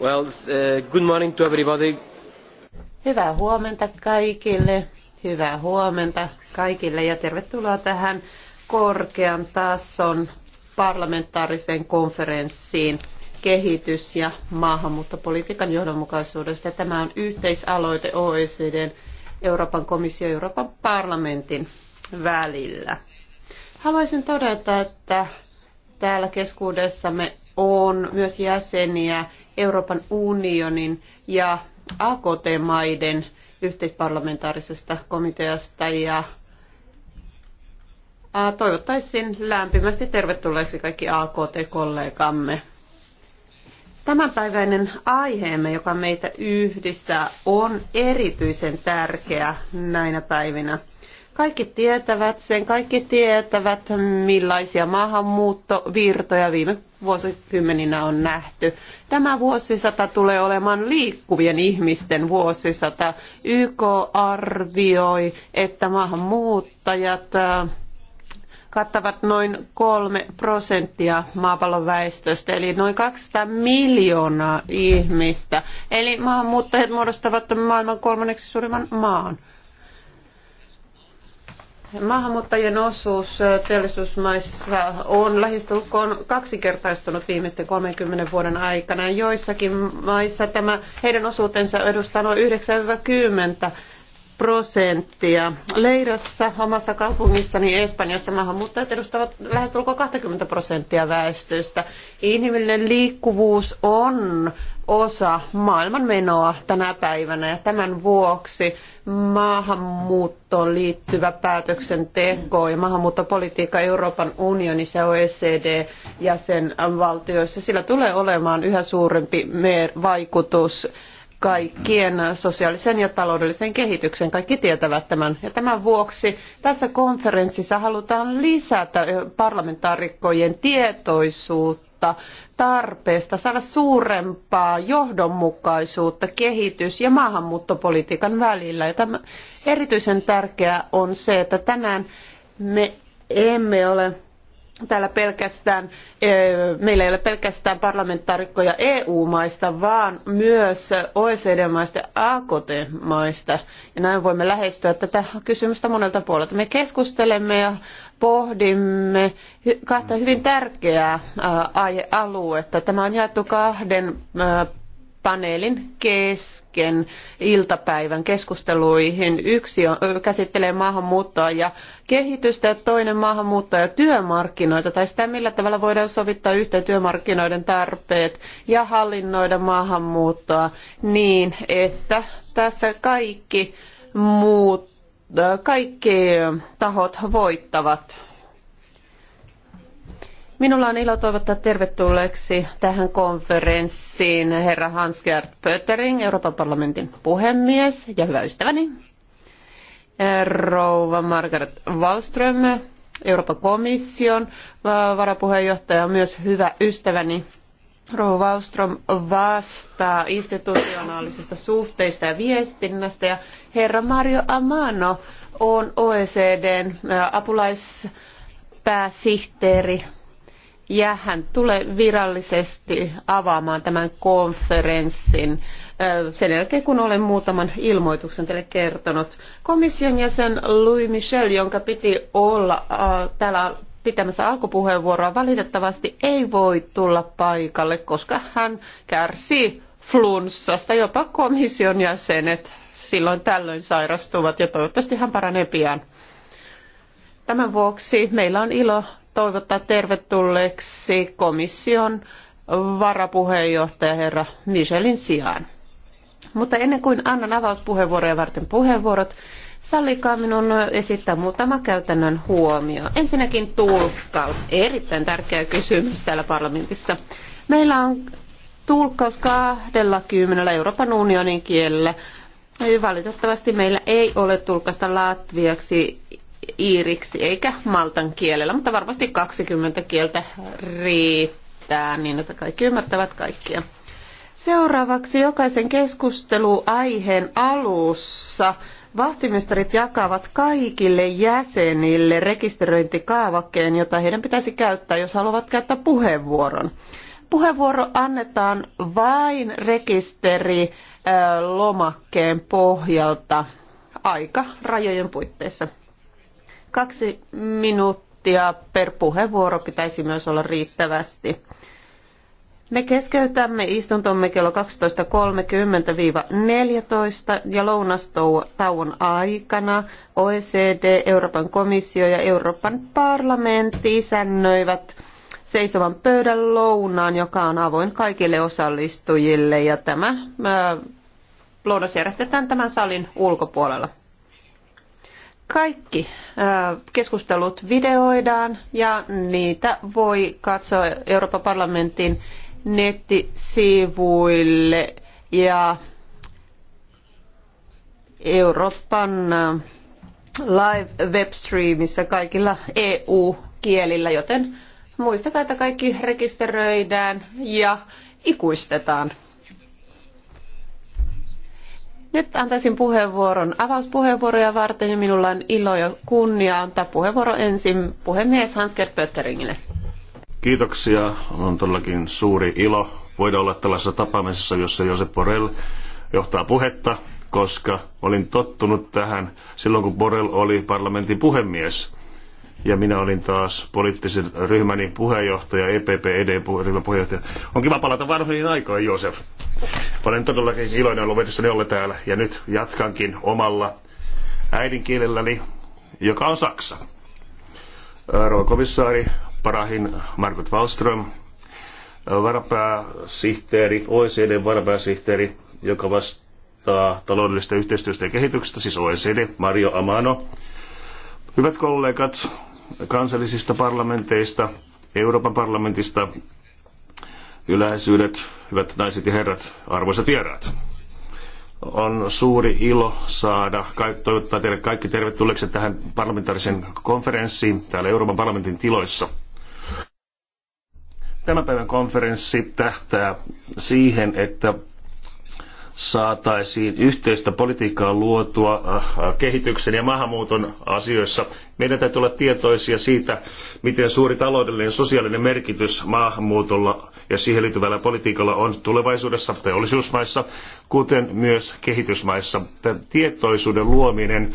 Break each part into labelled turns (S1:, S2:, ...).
S1: Uh, Hyvää huomenta kaikille. Hyvää huomenta kaikille ja tervetuloa tähän korkean tason parlamentaariseen konferenssiin kehitys- ja maahanmuuttopolitiikan johdonmukaisuudesta. Tämä on yhteisaloite OECDn, Euroopan komission ja Euroopan parlamentin välillä. Haluaisin todeta, että täällä keskuudessamme on myös jäseniä, Euroopan unionin ja AKT-maiden yhteisparlamentaarisesta komiteasta ja toivottaisin lämpimästi tervetulleeksi kaikki AKT-kollegamme. Tämänpäiväinen aiheemme, joka meitä yhdistää, on erityisen tärkeä näinä päivinä. Kaikki tietävät sen, kaikki tietävät millaisia maahanmuuttovirtoja viime vuosikymmeninä on nähty. Tämä vuosisata tulee olemaan liikkuvien ihmisten vuosisata. YK arvioi, että maahanmuuttajat äh, kattavat noin kolme prosenttia maapallon väestöstä, eli noin 200 miljoonaa ihmistä. Eli maahanmuuttajat muodostavat maailman kolmanneksi suurimman maan. Maahanmuuttajien osuus teollisuusmaissa on lähestulkoon kaksinkertaistunut viimeisten 30 vuoden aikana. Joissakin maissa tämä, heidän osuutensa edustaa noin 90 prosenttia. Leirassa, omassa kaupungissani Espanjassa, maahanmuuttajat edustavat lähestulkoon 20 prosenttia väestöstä. Inhimillinen liikkuvuus on osa maailmanmenoa tänä päivänä ja tämän vuoksi maahanmuuttoon liittyvä päätöksenteko ja maahanmuuttopolitiikka Euroopan unionissa ja OECD-jäsenvaltioissa, sillä tulee olemaan yhä suurempi vaikutus kaikkien sosiaalisen ja taloudellisen kehityksen. Kaikki tietävät tämän. Ja tämän vuoksi tässä konferenssissa halutaan lisätä parlamentaarikkojen tietoisuutta tarpeesta saada suurempaa johdonmukaisuutta kehitys- ja maahanmuuttopolitiikan välillä. Ja tämä erityisen tärkeää on se, että tänään me emme ole täällä pelkästään, meillä ei ole pelkästään parlamentaarikkoja EU-maista, vaan myös OECD-maista ja AKT-maista. Ja näin voimme lähestyä tätä kysymystä monelta puolelta. Me keskustelemme ja pohdimme kahta hyvin tärkeää aihealuetta. Tämä on jaettu kahden paneelin kesken iltapäivän keskusteluihin. Yksi käsittelee maahanmuuttoa ja kehitystä ja toinen maahanmuuttoa ja työmarkkinoita tai sitä, millä tavalla voidaan sovittaa yhteen työmarkkinoiden tarpeet ja hallinnoida maahanmuuttoa niin, että tässä kaikki muut kaikki tahot voittavat Minulla on ilo toivottaa tervetulleeksi tähän konferenssiin herra Hans-Gerd Pöttering, Euroopan parlamentin puhemies ja hyvä ystäväni. Rouva Margaret Wallström, Euroopan komission varapuheenjohtaja ja myös hyvä ystäväni. Rouva Wallström vastaa institutionaalisista suhteista ja viestinnästä ja herra Mario Amano on OECDn apulaispääsihteeri ja hän tulee virallisesti avaamaan tämän konferenssin sen jälkeen, kun olen muutaman ilmoituksen teille kertonut. Komission jäsen Louis Michel, jonka piti olla äh, täällä pitämässä alkupuheenvuoroa, valitettavasti ei voi tulla paikalle, koska hän kärsii flunssasta. Jopa komission jäsenet silloin tällöin sairastuvat ja toivottavasti hän paranee pian. Tämän vuoksi meillä on ilo toivottaa tervetulleeksi komission varapuheenjohtaja herra Michelin sijaan. Mutta ennen kuin annan avauspuheenvuoroja varten puheenvuorot, sallikaa minun esittää muutama käytännön huomio. Ensinnäkin tulkkaus, erittäin tärkeä kysymys täällä parlamentissa. Meillä on tulkkaus 20 Euroopan unionin kielellä. Valitettavasti meillä ei ole tulkasta latviaksi, iiriksi eikä maltan kielellä, mutta varmasti 20 kieltä riittää niin, että kaikki ymmärtävät kaikkia. Seuraavaksi jokaisen keskusteluaiheen alussa vahtimestarit jakavat kaikille jäsenille rekisteröintikaavakkeen, jota heidän pitäisi käyttää, jos haluavat käyttää puheenvuoron. Puheenvuoro annetaan vain rekisteri lomakkeen pohjalta aika rajojen puitteissa. Kaksi minuuttia per puheenvuoro pitäisi myös olla riittävästi. Me keskeytämme istuntomme kello 12.30-14 ja lounastauon aikana OECD, Euroopan komissio ja Euroopan parlamentti isännöivät seisovan pöydän lounaan, joka on avoin kaikille osallistujille ja tämä lounas järjestetään tämän salin ulkopuolella. Kaikki keskustelut videoidaan ja niitä voi katsoa Euroopan parlamentin nettisivuille ja Euroopan live webstreamissa kaikilla EU-kielillä, joten muistakaa, että kaikki rekisteröidään ja ikuistetaan. Nyt antaisin puheenvuoron avauspuheenvuoroja varten ja minulla on ilo ja kunnia antaa puheenvuoro ensin puhemies Hansker Pötteringille.
S2: Kiitoksia. On todellakin suuri ilo voida olla tällaisessa tapaamisessa, jossa Josep Borrell johtaa puhetta, koska olin tottunut tähän silloin, kun Borrell oli parlamentin puhemies ja minä olin taas poliittisen ryhmäni puheenjohtaja, EPP, ED-ryhmän puheenjohtaja. On kiva palata vanhoihin aikoihin, Josef. Olen todellakin iloinen ollut vedessäni olla täällä ja nyt jatkankin omalla äidinkielelläni, joka on saksa. Rouva komissaari, parahin Margot Wallström, varapääsihteeri, OECD varapääsihteeri, joka vastaa taloudellisesta yhteistyöstä ja kehityksestä, siis OECD, Mario Amano. Hyvät kollegat, kansallisista parlamenteista, Euroopan parlamentista, yläisyydet, hyvät naiset ja herrat, arvoisat vieraat. On suuri ilo saada toivottaa teille kaikki tervetulleeksi tähän parlamentaariseen konferenssiin täällä Euroopan parlamentin tiloissa. Tämän päivän konferenssi tähtää siihen, että saataisiin yhteistä politiikkaa luotua äh, kehityksen ja maahanmuuton asioissa. Meidän täytyy olla tietoisia siitä, miten suuri taloudellinen ja sosiaalinen merkitys maahanmuutolla ja siihen liittyvällä politiikalla on tulevaisuudessa teollisuusmaissa, kuten myös kehitysmaissa. Tämän tietoisuuden luominen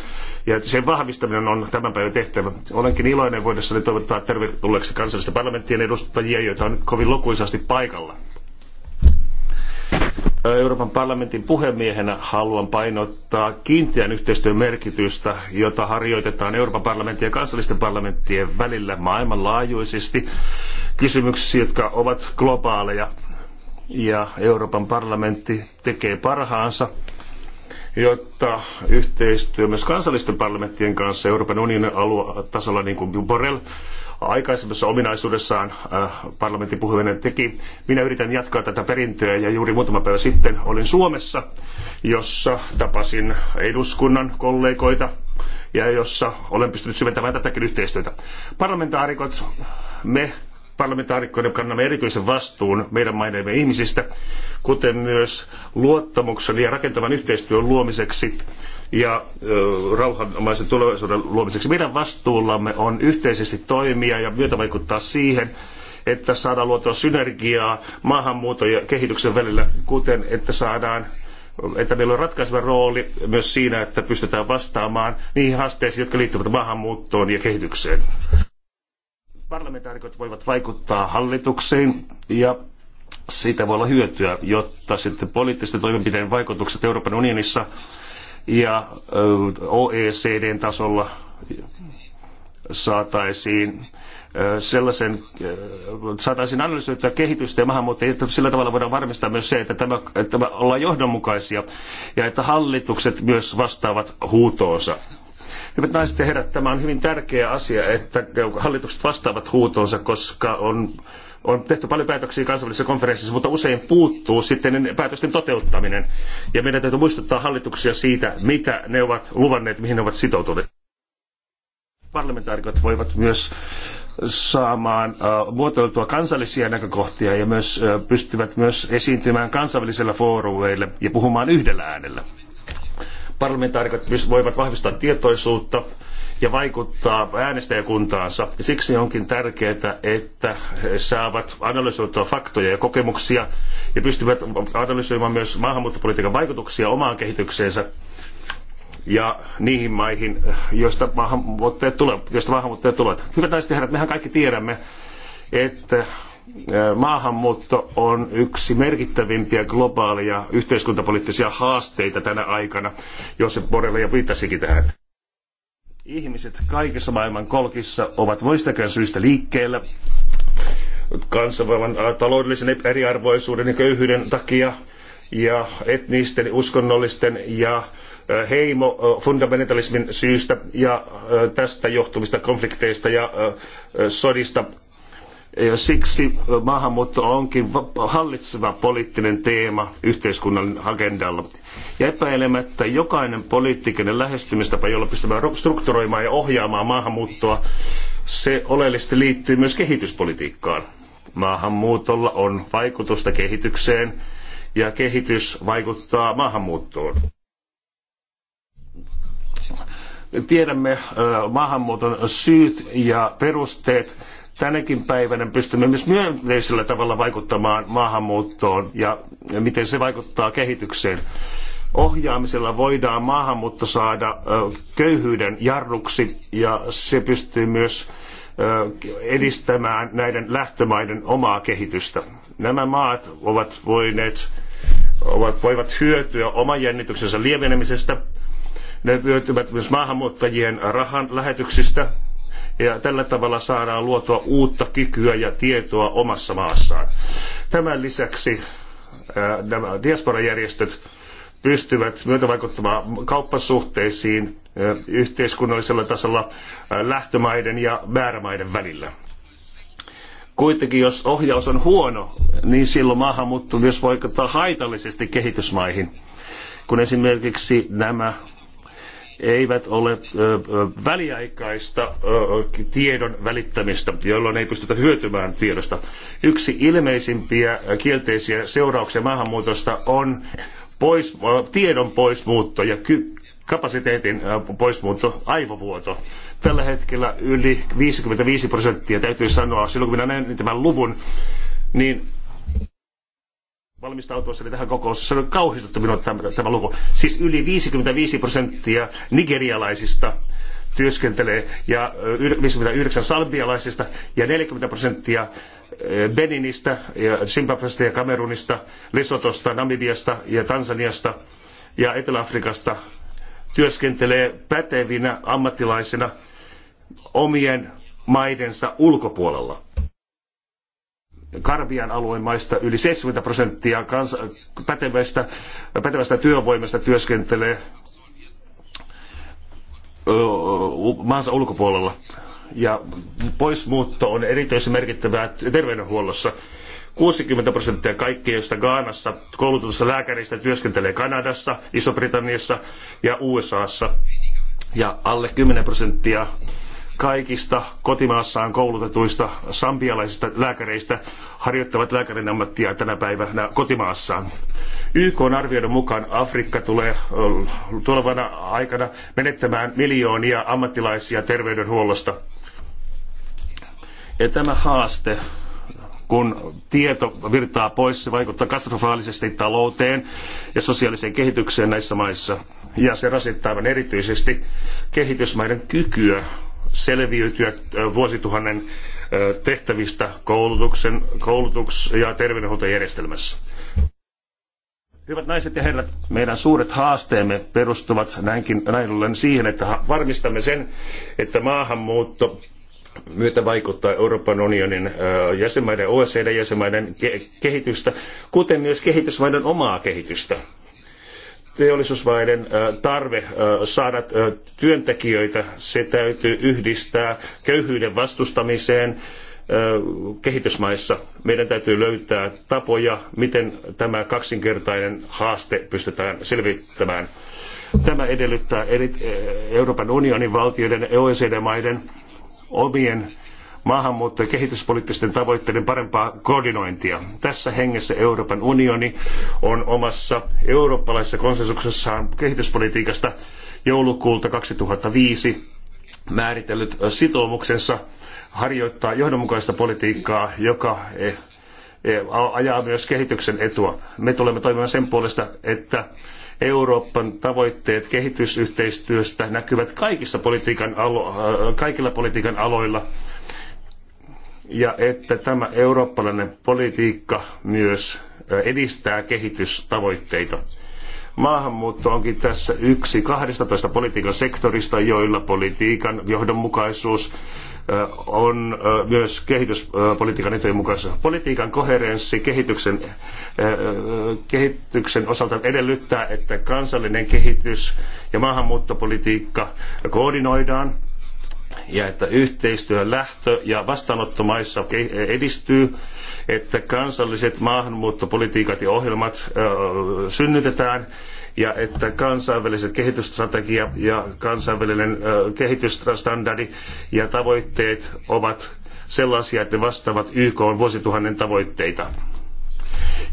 S2: ja sen vahvistaminen on tämän päivän tehtävä. Olenkin iloinen voidessani toivottaa tervetulleeksi kansallisten parlamenttien edustajia, joita on kovin lukuisasti paikalla Euroopan parlamentin puhemiehenä haluan painottaa kiinteän yhteistyön merkitystä, jota harjoitetaan Euroopan parlamentin ja kansallisten parlamenttien välillä maailmanlaajuisesti kysymyksissä, jotka ovat globaaleja. Ja Euroopan parlamentti tekee parhaansa, jotta yhteistyö myös kansallisten parlamenttien kanssa Euroopan unionin aluetasolla, niin kuin Borrell aikaisemmassa ominaisuudessaan äh, parlamentin puhuminen teki. Minä yritän jatkaa tätä perintöä ja juuri muutama päivä sitten olin Suomessa, jossa tapasin eduskunnan kollegoita ja jossa olen pystynyt syventämään tätäkin yhteistyötä. Parlamentaarikot, me parlamentaarikkoina kannamme erityisen vastuun meidän maidemme ihmisistä, kuten myös luottamuksen ja rakentavan yhteistyön luomiseksi ja ö, rauhanomaisen tulevaisuuden luomiseksi. Meidän vastuullamme on yhteisesti toimia ja myötävaikuttaa siihen, että saadaan luotua synergiaa maahanmuuton ja kehityksen välillä, kuten että saadaan että meillä on ratkaiseva rooli myös siinä, että pystytään vastaamaan niihin haasteisiin, jotka liittyvät maahanmuuttoon ja kehitykseen parlamentaarikot voivat vaikuttaa hallitukseen ja siitä voi olla hyötyä, jotta sitten poliittisten toimenpiteiden vaikutukset Euroopan unionissa ja OECDn tasolla saataisiin sellaisen, saataisiin analysoitua kehitystä ja maahanmuuttajia, että sillä tavalla voidaan varmistaa myös se, että tämä, että tämä ollaan johdonmukaisia ja että hallitukset myös vastaavat huutoonsa. Hyvät naiset ja herrat, tämä on hyvin tärkeä asia, että hallitukset vastaavat huutoonsa, koska on on tehty paljon päätöksiä kansainvälisissä konferenssissa, mutta usein puuttuu sitten päätösten toteuttaminen. Ja meidän täytyy muistuttaa hallituksia siitä, mitä ne ovat luvanneet, mihin ne ovat sitoutuneet. Parlamentaarikot voivat myös saamaan äh, muotoiltua kansallisia näkökohtia ja myös äh, pystyvät myös esiintymään kansainvälisillä foorumeilla ja puhumaan yhdellä äänellä. Parlamentaarikot voivat vahvistaa tietoisuutta ja vaikuttaa äänestäjäkuntaansa. Siksi onkin tärkeää, että he saavat analysoitua faktoja ja kokemuksia ja pystyvät analysoimaan myös maahanmuuttopolitiikan vaikutuksia omaan kehitykseensä ja niihin maihin, joista maahanmuuttajat tulevat. Joista maahanmuuttajat tulevat. Hyvät naiset ja herrat, mehän kaikki tiedämme, että maahanmuutto on yksi merkittävimpiä globaaleja yhteiskuntapoliittisia haasteita tänä aikana, jos Borrella jo viittasikin tähän. Ihmiset kaikissa maailman kolkissa ovat muistakin syistä liikkeellä kansanvallan taloudellisen eriarvoisuuden ja köyhyyden takia ja etnisten, uskonnollisten ja heimo fundamentalismin syystä ja tästä johtuvista konflikteista ja sodista ja siksi maahanmuutto onkin hallitseva poliittinen teema yhteiskunnan agendalla. Ja epäilemättä jokainen poliittinen lähestymistapa, jolla pystymme strukturoimaan ja ohjaamaan maahanmuuttoa, se oleellisesti liittyy myös kehityspolitiikkaan. Maahanmuutolla on vaikutusta kehitykseen ja kehitys vaikuttaa maahanmuuttoon tiedämme maahanmuuton syyt ja perusteet, tänäkin päivänä pystymme myös myönteisellä tavalla vaikuttamaan maahanmuuttoon ja miten se vaikuttaa kehitykseen. Ohjaamisella voidaan maahanmuutto saada köyhyyden jarruksi ja se pystyy myös edistämään näiden lähtömaiden omaa kehitystä. Nämä maat ovat voineet, ovat, voivat hyötyä oman jännityksensä lievenemisestä. Ne hyötyvät myös maahanmuuttajien rahan lähetyksistä ja tällä tavalla saadaan luotua uutta kykyä ja tietoa omassa maassaan. Tämän lisäksi äh, nämä diasporajärjestöt pystyvät myötävaikuttamaan kauppasuhteisiin äh, yhteiskunnallisella tasolla äh, lähtömaiden ja määrämaiden välillä. Kuitenkin jos ohjaus on huono, niin silloin maahanmuutto myös vaikuttaa haitallisesti kehitysmaihin, kun esimerkiksi nämä eivät ole väliaikaista tiedon välittämistä, jolloin ei pystytä hyötymään tiedosta. Yksi ilmeisimpiä kielteisiä seurauksia maahanmuutosta on pois, tiedon poismuutto ja ky- kapasiteetin poismuutto, aivovuoto. Tällä hetkellä yli 55 prosenttia, täytyy sanoa, silloin kun minä näin tämän luvun, niin valmistautuessani tähän kokoukseen, se on kauhistutti minua tämä, tämä luku. Siis yli 55 prosenttia nigerialaisista työskentelee ja 59 salbialaisista ja 40 prosenttia Beninistä ja Zimbabwesta ja Kamerunista, Lesotosta, Namibiasta ja Tansaniasta ja Etelä-Afrikasta työskentelee pätevinä ammattilaisina omien maidensa ulkopuolella Karbian alueen maista yli 70 prosenttia kans, pätevästä, pätevästä työvoimasta työskentelee maansa ulkopuolella. Ja poismuutto on erityisen merkittävää terveydenhuollossa. 60 prosenttia kaikkeista Gaanassa koulutetusta lääkäreistä työskentelee Kanadassa, Iso-Britanniassa ja USAssa. Ja alle 10 prosenttia kaikista kotimaassaan koulutetuista sambialaisista lääkäreistä harjoittavat lääkärin ammattia tänä päivänä kotimaassaan. YK on arvioiden mukaan Afrikka tulee tulevana aikana menettämään miljoonia ammattilaisia terveydenhuollosta. Ja tämä haaste kun tieto virtaa pois, se vaikuttaa katastrofaalisesti talouteen ja sosiaaliseen kehitykseen näissä maissa. Ja se rasittaa aivan erityisesti kehitysmaiden kykyä selviytyä vuosituhannen tehtävistä koulutuksen, koulutus- ja terveydenhuoltojärjestelmässä. Hyvät naiset ja herrat, meidän suuret haasteemme perustuvat näinkin, näin ollen siihen, että varmistamme sen, että maahanmuutto myötä vaikuttaa Euroopan unionin jäsenmaiden, OECD-jäsenmaiden kehitystä, kuten myös kehitysmaiden omaa kehitystä teollisuusmaiden tarve saada työntekijöitä, se täytyy yhdistää köyhyyden vastustamiseen kehitysmaissa. Meidän täytyy löytää tapoja, miten tämä kaksinkertainen haaste pystytään selvittämään. Tämä edellyttää Euroopan unionin valtioiden ja OECD-maiden omien maahanmuutto- ja kehityspoliittisten tavoitteiden parempaa koordinointia. Tässä hengessä Euroopan unioni on omassa eurooppalaisessa konsensuksessaan kehityspolitiikasta joulukuulta 2005 määritellyt sitoumuksensa harjoittaa johdonmukaista politiikkaa, joka eh, eh, ajaa myös kehityksen etua. Me tulemme toimimaan sen puolesta, että Euroopan tavoitteet kehitysyhteistyöstä näkyvät kaikissa politiikan alo- äh, kaikilla politiikan aloilla ja että tämä eurooppalainen politiikka myös edistää kehitystavoitteita. Maahanmuutto onkin tässä yksi 12 politiikan sektorista, joilla politiikan johdonmukaisuus on myös kehityspolitiikan etujen mukaisessa. Politiikan koherenssi kehityksen, kehityksen osalta edellyttää, että kansallinen kehitys ja maahanmuuttopolitiikka koordinoidaan ja että yhteistyö lähtö- ja vastaanottomaissa edistyy, että kansalliset maahanmuuttopolitiikat ja ohjelmat synnytetään ja että kansainväliset kehitysstrategia ja kansainvälinen kehitysstandardi ja tavoitteet ovat sellaisia, että ne vastaavat YK on vuosituhannen tavoitteita.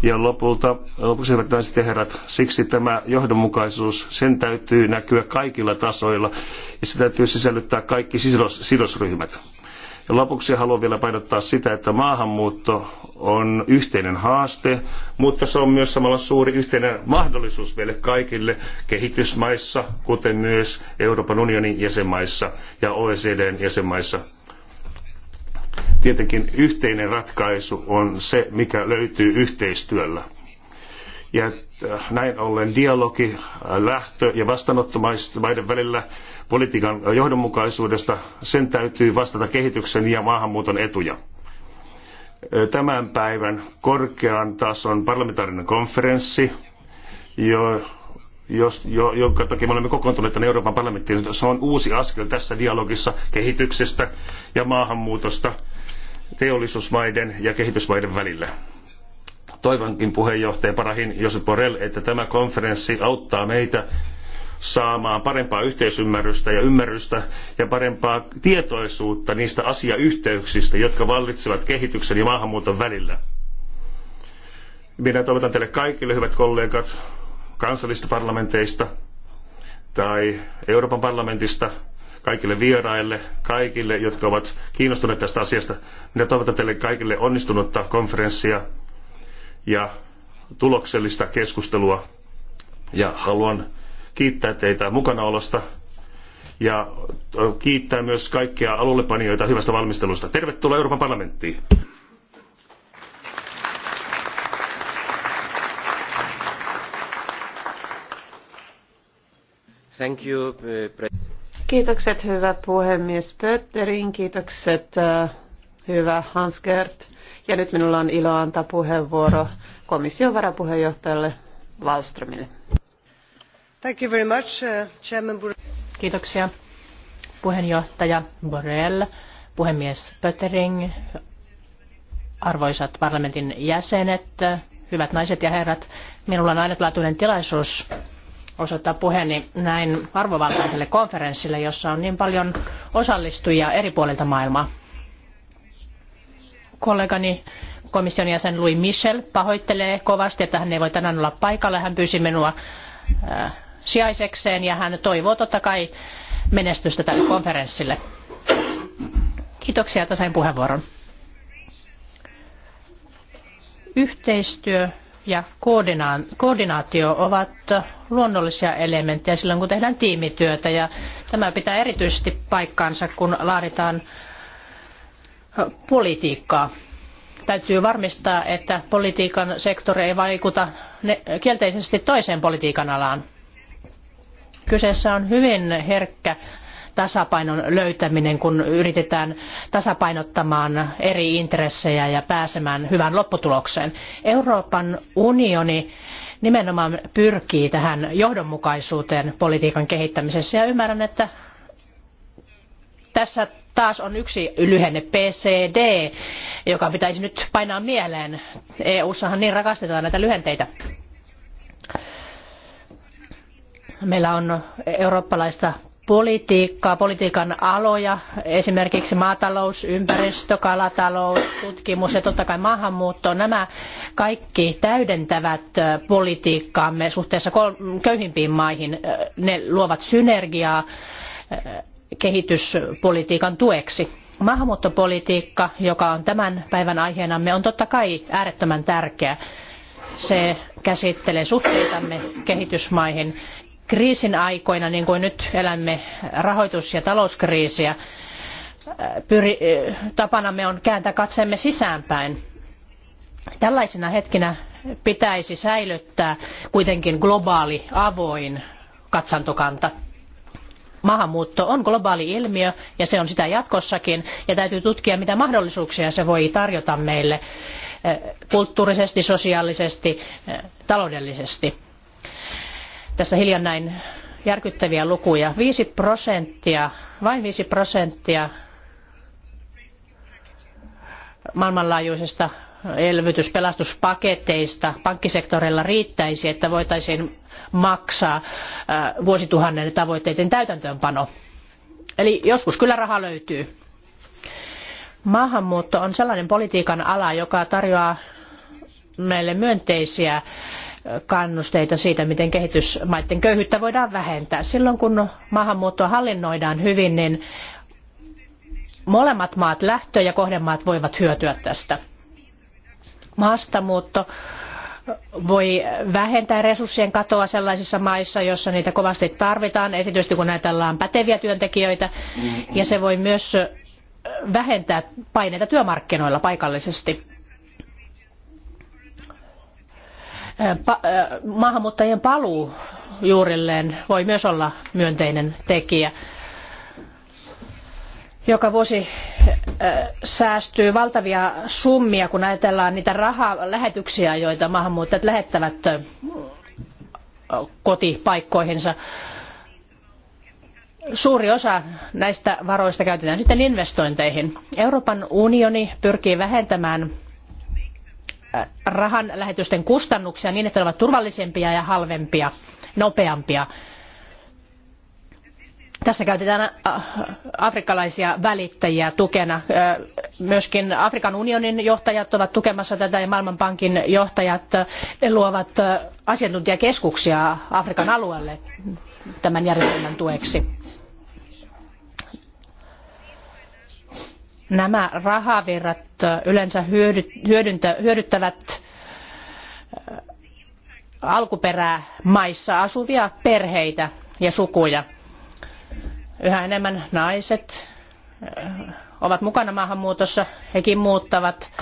S2: Ja lopulta, lopuksi hyvät naiset ja herrat, siksi tämä johdonmukaisuus, sen täytyy näkyä kaikilla tasoilla ja se täytyy sisällyttää kaikki sidos, sidosryhmät. Ja lopuksi haluan vielä painottaa sitä, että maahanmuutto on yhteinen haaste, mutta se on myös samalla suuri yhteinen mahdollisuus meille kaikille kehitysmaissa, kuten myös Euroopan unionin jäsenmaissa ja OECDn jäsenmaissa. Tietenkin yhteinen ratkaisu on se, mikä löytyy yhteistyöllä. Ja äh, näin ollen dialogi äh, lähtö- ja vastaanottomaiden välillä politiikan johdonmukaisuudesta, sen täytyy vastata kehityksen ja maahanmuuton etuja. Äh, tämän päivän korkean tason parlamentaarinen konferenssi, jo, jos, jo, jonka takia me olemme kokoontuneet tänne Euroopan parlamenttiin, se on uusi askel tässä dialogissa kehityksestä ja maahanmuutosta teollisuusmaiden ja kehitysmaiden välillä. Toivonkin puheenjohtaja Parahin Josep Borrell, että tämä konferenssi auttaa meitä saamaan parempaa yhteisymmärrystä ja ymmärrystä ja parempaa tietoisuutta niistä asiayhteyksistä, jotka vallitsevat kehityksen ja maahanmuuton välillä. Minä toivotan teille kaikille, hyvät kollegat, kansallisista parlamenteista tai Euroopan parlamentista, kaikille vieraille, kaikille, jotka ovat kiinnostuneet tästä asiasta. Minä toivotan teille kaikille onnistunutta konferenssia ja tuloksellista keskustelua. Ja haluan kiittää teitä mukanaolosta ja kiittää myös kaikkia alullepanijoita hyvästä valmistelusta. Tervetuloa Euroopan parlamenttiin. Thank you,
S3: eh,
S1: Kiitokset hyvä puhemies Pötterin, kiitokset äh, hyvä Hans Gert. Ja nyt minulla on ilo antaa puheenvuoro komission
S3: varapuheenjohtajalle Wallströmille.
S2: Thank you very much, uh, Chairman
S3: Kiitoksia puheenjohtaja Borrell, puhemies Pöttering, arvoisat parlamentin jäsenet, hyvät naiset ja herrat. Minulla on ainutlaatuinen tilaisuus osoittaa puheeni näin arvovaltaiselle konferenssille, jossa on niin paljon osallistujia eri puolilta maailmaa. Kollegani komission jäsen Louis Michel pahoittelee kovasti, että hän ei voi tänään olla paikalla. Hän pyysi minua äh, sijaisekseen ja hän toivoo totta kai menestystä tälle konferenssille. Kiitoksia, että sain puheenvuoron. Yhteistyö ja koordinaatio ovat luonnollisia elementtejä silloin, kun tehdään tiimityötä. Ja tämä pitää erityisesti paikkaansa, kun laaditaan politiikkaa. Täytyy varmistaa, että politiikan sektori ei vaikuta kielteisesti toiseen politiikan alaan. Kyseessä on hyvin herkkä tasapainon löytäminen, kun yritetään tasapainottamaan eri intressejä ja pääsemään hyvään lopputulokseen. Euroopan unioni nimenomaan pyrkii tähän johdonmukaisuuteen politiikan kehittämisessä ja ymmärrän, että tässä taas on yksi lyhenne PCD, joka pitäisi nyt painaa mieleen. EU-sahan niin rakastetaan näitä lyhenteitä. Meillä on eurooppalaista politiikkaa, politiikan aloja, esimerkiksi maatalous, ympäristö, kalatalous, tutkimus ja totta kai maahanmuutto. Nämä kaikki täydentävät politiikkaamme suhteessa köyhimpiin maihin. Ne luovat synergiaa kehityspolitiikan tueksi. Maahanmuuttopolitiikka, joka on tämän päivän aiheenamme, on totta kai äärettömän tärkeä. Se käsittelee suhteitamme kehitysmaihin kriisin aikoina, niin kuin nyt elämme rahoitus- ja talouskriisiä, pyri, tapanamme on kääntää katseemme sisäänpäin. Tällaisina hetkinä pitäisi säilyttää kuitenkin globaali avoin katsantokanta. Maahanmuutto on globaali ilmiö ja se on sitä jatkossakin ja täytyy tutkia mitä mahdollisuuksia se voi tarjota meille eh, kulttuurisesti, sosiaalisesti, eh, taloudellisesti tässä hiljan näin järkyttäviä lukuja. 5 prosenttia, vain 5 prosenttia maailmanlaajuisesta elvytyspelastuspaketeista pankkisektorilla riittäisi, että voitaisiin maksaa äh, vuosituhannen tavoitteiden täytäntöönpano. Eli joskus kyllä raha löytyy. Maahanmuutto on sellainen politiikan ala, joka tarjoaa meille myönteisiä kannusteita siitä, miten kehitysmaiden köyhyyttä voidaan vähentää. Silloin kun maahanmuuttoa hallinnoidaan hyvin, niin molemmat maat lähtö- ja kohdemaat voivat hyötyä tästä. Maastamuutto voi vähentää resurssien katoa sellaisissa maissa, joissa niitä kovasti tarvitaan, erityisesti kun ajatellaan päteviä työntekijöitä, ja se voi myös vähentää paineita työmarkkinoilla paikallisesti maahanmuuttajien paluu juurilleen voi myös olla myönteinen tekijä. Joka vuosi säästyy valtavia summia, kun ajatellaan niitä rahalähetyksiä, joita maahanmuuttajat lähettävät kotipaikkoihinsa. Suuri osa näistä varoista käytetään sitten investointeihin. Euroopan unioni pyrkii vähentämään rahan lähetysten kustannuksia niin, että ne ovat turvallisempia ja halvempia, nopeampia. Tässä käytetään afrikkalaisia välittäjiä tukena. Myöskin Afrikan unionin johtajat ovat tukemassa tätä ja Maailmanpankin johtajat luovat asiantuntijakeskuksia Afrikan alueelle tämän järjestelmän tueksi Nämä rahavirrat yleensä hyödyttävät alkuperämaissa asuvia perheitä ja sukuja. Yhä enemmän naiset ovat mukana maahanmuutossa, hekin muuttavat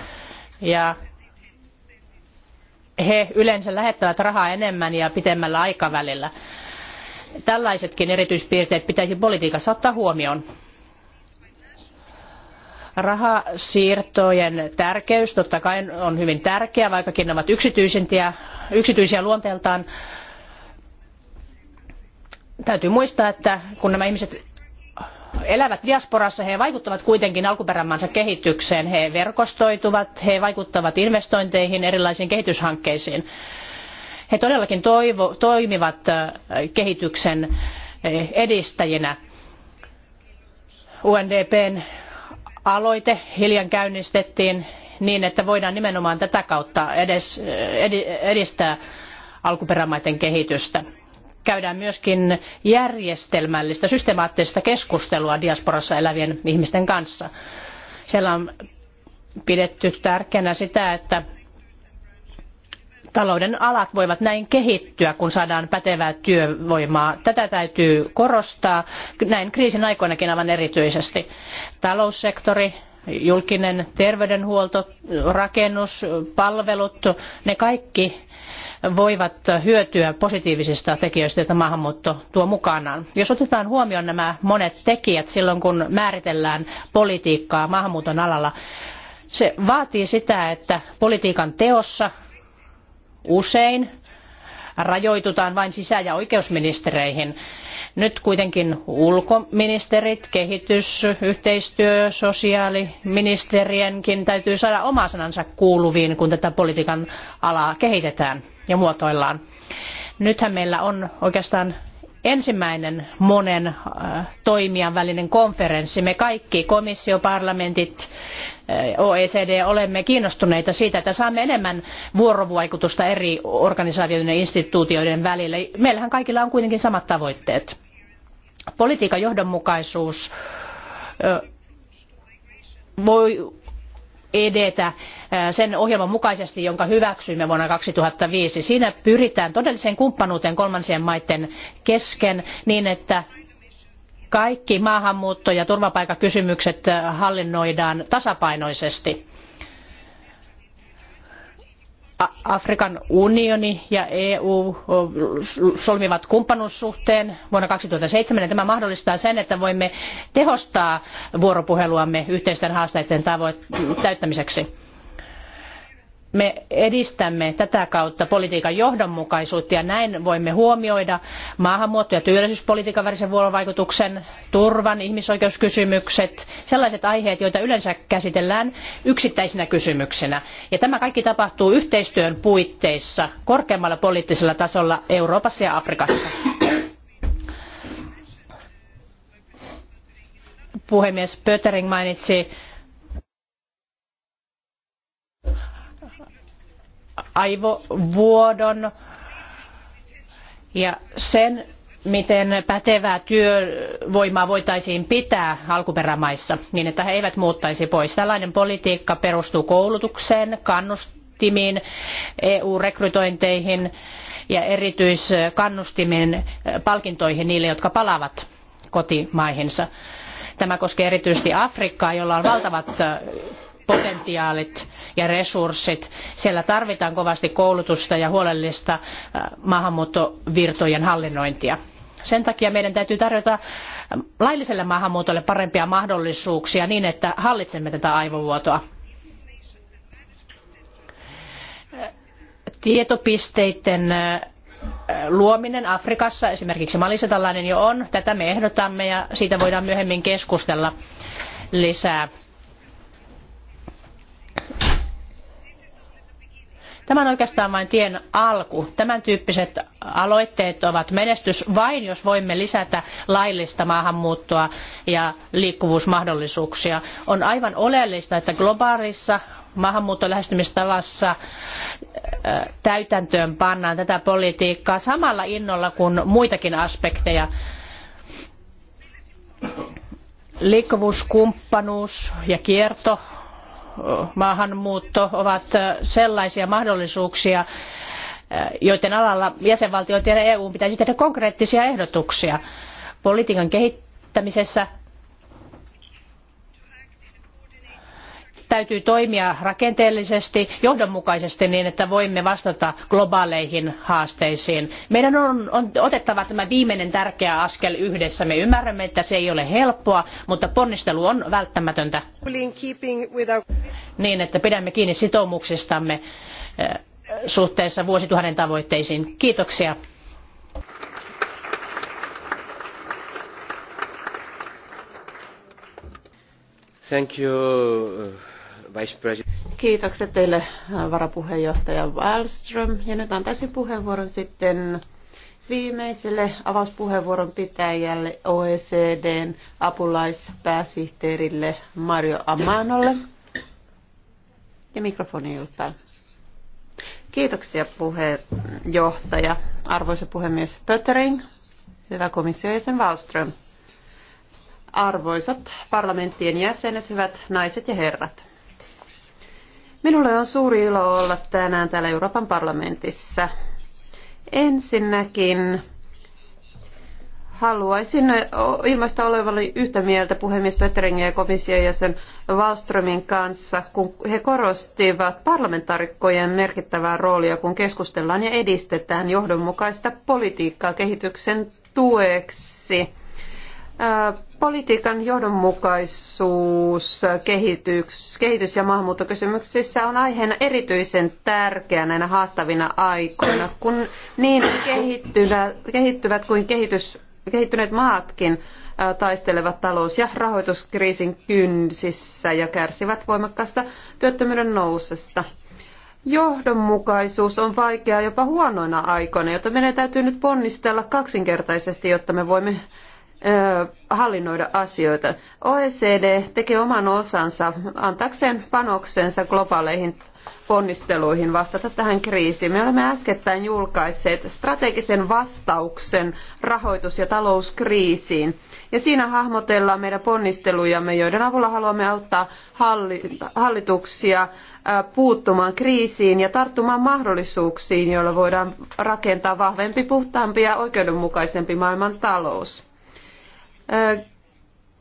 S3: ja he yleensä lähettävät rahaa enemmän ja pitemmällä aikavälillä. Tällaisetkin erityispiirteet pitäisi politiikassa ottaa huomioon. Rahasiirtojen tärkeys totta kai on hyvin tärkeä, vaikkakin ne ovat yksityisiä luonteeltaan. Täytyy muistaa, että kun nämä ihmiset elävät diasporassa, he vaikuttavat kuitenkin alkuperämaansa kehitykseen. He verkostoituvat, he vaikuttavat investointeihin, erilaisiin kehityshankkeisiin. He todellakin toivo, toimivat äh, kehityksen äh, edistäjinä. UNDPn aloite hiljan käynnistettiin niin, että voidaan nimenomaan tätä kautta edes edistää alkuperämaiden kehitystä. Käydään myöskin järjestelmällistä, systemaattista keskustelua diasporassa elävien ihmisten kanssa. Siellä on pidetty tärkeänä sitä, että talouden alat voivat näin kehittyä, kun saadaan pätevää työvoimaa. Tätä täytyy korostaa näin kriisin aikoinakin aivan erityisesti. Taloussektori, julkinen terveydenhuolto, rakennus, palvelut, ne kaikki voivat hyötyä positiivisista tekijöistä, joita maahanmuutto tuo mukanaan. Jos otetaan huomioon nämä monet tekijät silloin, kun määritellään politiikkaa maahanmuuton alalla, se vaatii sitä, että politiikan teossa Usein rajoitutaan vain sisä- ja oikeusministereihin. Nyt kuitenkin ulkoministerit, kehitys, yhteistyö, sosiaaliministerienkin täytyy saada oma sanansa kuuluviin, kun tätä politiikan alaa kehitetään ja muotoillaan. Nythän meillä on oikeastaan ensimmäinen monen äh, toimijan välinen konferenssi. Me kaikki, komissio, parlamentit, äh, OECD, olemme kiinnostuneita siitä, että saamme enemmän vuorovaikutusta eri organisaatioiden ja instituutioiden välillä. Meillähän kaikilla on kuitenkin samat tavoitteet. Politiikan johdonmukaisuus äh, voi edetä sen ohjelman mukaisesti, jonka hyväksyimme vuonna 2005. Siinä pyritään todelliseen kumppanuuteen kolmansien maiden kesken niin, että kaikki maahanmuutto- ja turvapaikkakysymykset hallinnoidaan tasapainoisesti. Afrikan unioni ja EU solmivat kumppanuussuhteen vuonna 2007. Ja tämä mahdollistaa sen, että voimme tehostaa vuoropuheluamme yhteisten haasteiden täyttämiseksi me edistämme tätä kautta politiikan johdonmukaisuutta ja näin voimme huomioida maahanmuutto- ja työllisyyspolitiikan välisen vuorovaikutuksen, turvan, ihmisoikeuskysymykset, sellaiset aiheet, joita yleensä käsitellään yksittäisinä kysymyksinä. Ja tämä kaikki tapahtuu yhteistyön puitteissa korkeammalla poliittisella tasolla Euroopassa ja Afrikassa. Puhemies Pöttering mainitsi aivovuodon ja sen, miten pätevää työvoimaa voitaisiin pitää alkuperämaissa, niin että he eivät muuttaisi pois. Tällainen politiikka perustuu koulutukseen, kannustimiin, EU-rekrytointeihin ja erityiskannustimin palkintoihin niille, jotka palaavat kotimaihinsa. Tämä koskee erityisesti Afrikkaa, jolla on valtavat potentiaalit ja resurssit. Siellä tarvitaan kovasti koulutusta ja huolellista äh, maahanmuuttovirtojen hallinnointia. Sen takia meidän täytyy tarjota ähm, lailliselle maahanmuutolle parempia mahdollisuuksia niin, että hallitsemme tätä aivovuotoa. Äh, tietopisteiden äh, luominen Afrikassa, esimerkiksi Malissa tällainen jo on, tätä me ehdotamme ja siitä voidaan myöhemmin keskustella lisää. Tämä on oikeastaan vain tien alku. Tämän tyyppiset aloitteet ovat menestys vain, jos voimme lisätä laillista maahanmuuttoa ja liikkuvuusmahdollisuuksia. On aivan oleellista, että globaalissa maahanmuuttolähestymistavassa äh, täytäntöön pannaan tätä politiikkaa samalla innolla kuin muitakin aspekteja liikkuvuuskumppanuus ja kierto maahanmuutto ovat sellaisia mahdollisuuksia, joiden alalla jäsenvaltioiden ja EU pitäisi tehdä konkreettisia ehdotuksia. Politiikan kehittämisessä täytyy toimia rakenteellisesti, johdonmukaisesti niin, että voimme vastata globaaleihin haasteisiin. Meidän on, on otettava tämä viimeinen tärkeä askel yhdessä. Me ymmärrämme, että se ei ole helppoa, mutta ponnistelu on välttämätöntä niin, että pidämme kiinni sitoumuksistamme eh, suhteessa vuosituhannen tavoitteisiin. Kiitoksia. Thank you. Eh,
S1: Kiitokset teille varapuheenjohtaja Wallström. Ja nyt antaisin puheenvuoron sitten viimeiselle avauspuheenvuoron pitäjälle OECDn apulaispääsihteerille Mario Amanolle. Ja mikrofoni ei päällä. Kiitoksia puheenjohtaja, arvoisa puhemies Pöttering, hyvä komissio jäsen Wallström, arvoisat parlamenttien jäsenet, hyvät naiset ja herrat. Minulle on suuri ilo olla tänään täällä Euroopan parlamentissa. Ensinnäkin haluaisin ilmaista olevani yhtä mieltä puhemies Pötteringin ja komission jäsen Wallströmin kanssa, kun he korostivat parlamentaarikkojen merkittävää roolia, kun keskustellaan ja edistetään johdonmukaista politiikkaa kehityksen tueksi Politiikan johdonmukaisuus kehitys, kehitys- ja maahanmuuttokysymyksissä on aiheena erityisen tärkeä näinä haastavina aikoina, kun niin kehittyvät kuin kehitys, kehittyneet maatkin taistelevat talous- ja rahoituskriisin kynsissä ja kärsivät voimakkaasta työttömyyden nousesta. Johdonmukaisuus on vaikeaa jopa huonoina aikoina, joten meidän täytyy nyt ponnistella kaksinkertaisesti, jotta me voimme hallinnoida asioita. OECD tekee oman osansa antakseen panoksensa globaaleihin ponnisteluihin vastata tähän kriisiin. Me olemme äskettäin julkaisseet strategisen vastauksen rahoitus- ja talouskriisiin. Ja siinä hahmotellaan meidän ponnistelujamme, joiden avulla haluamme auttaa hallituksia puuttumaan kriisiin ja tarttumaan mahdollisuuksiin, joilla voidaan rakentaa vahvempi, puhtaampi ja oikeudenmukaisempi maailman talous.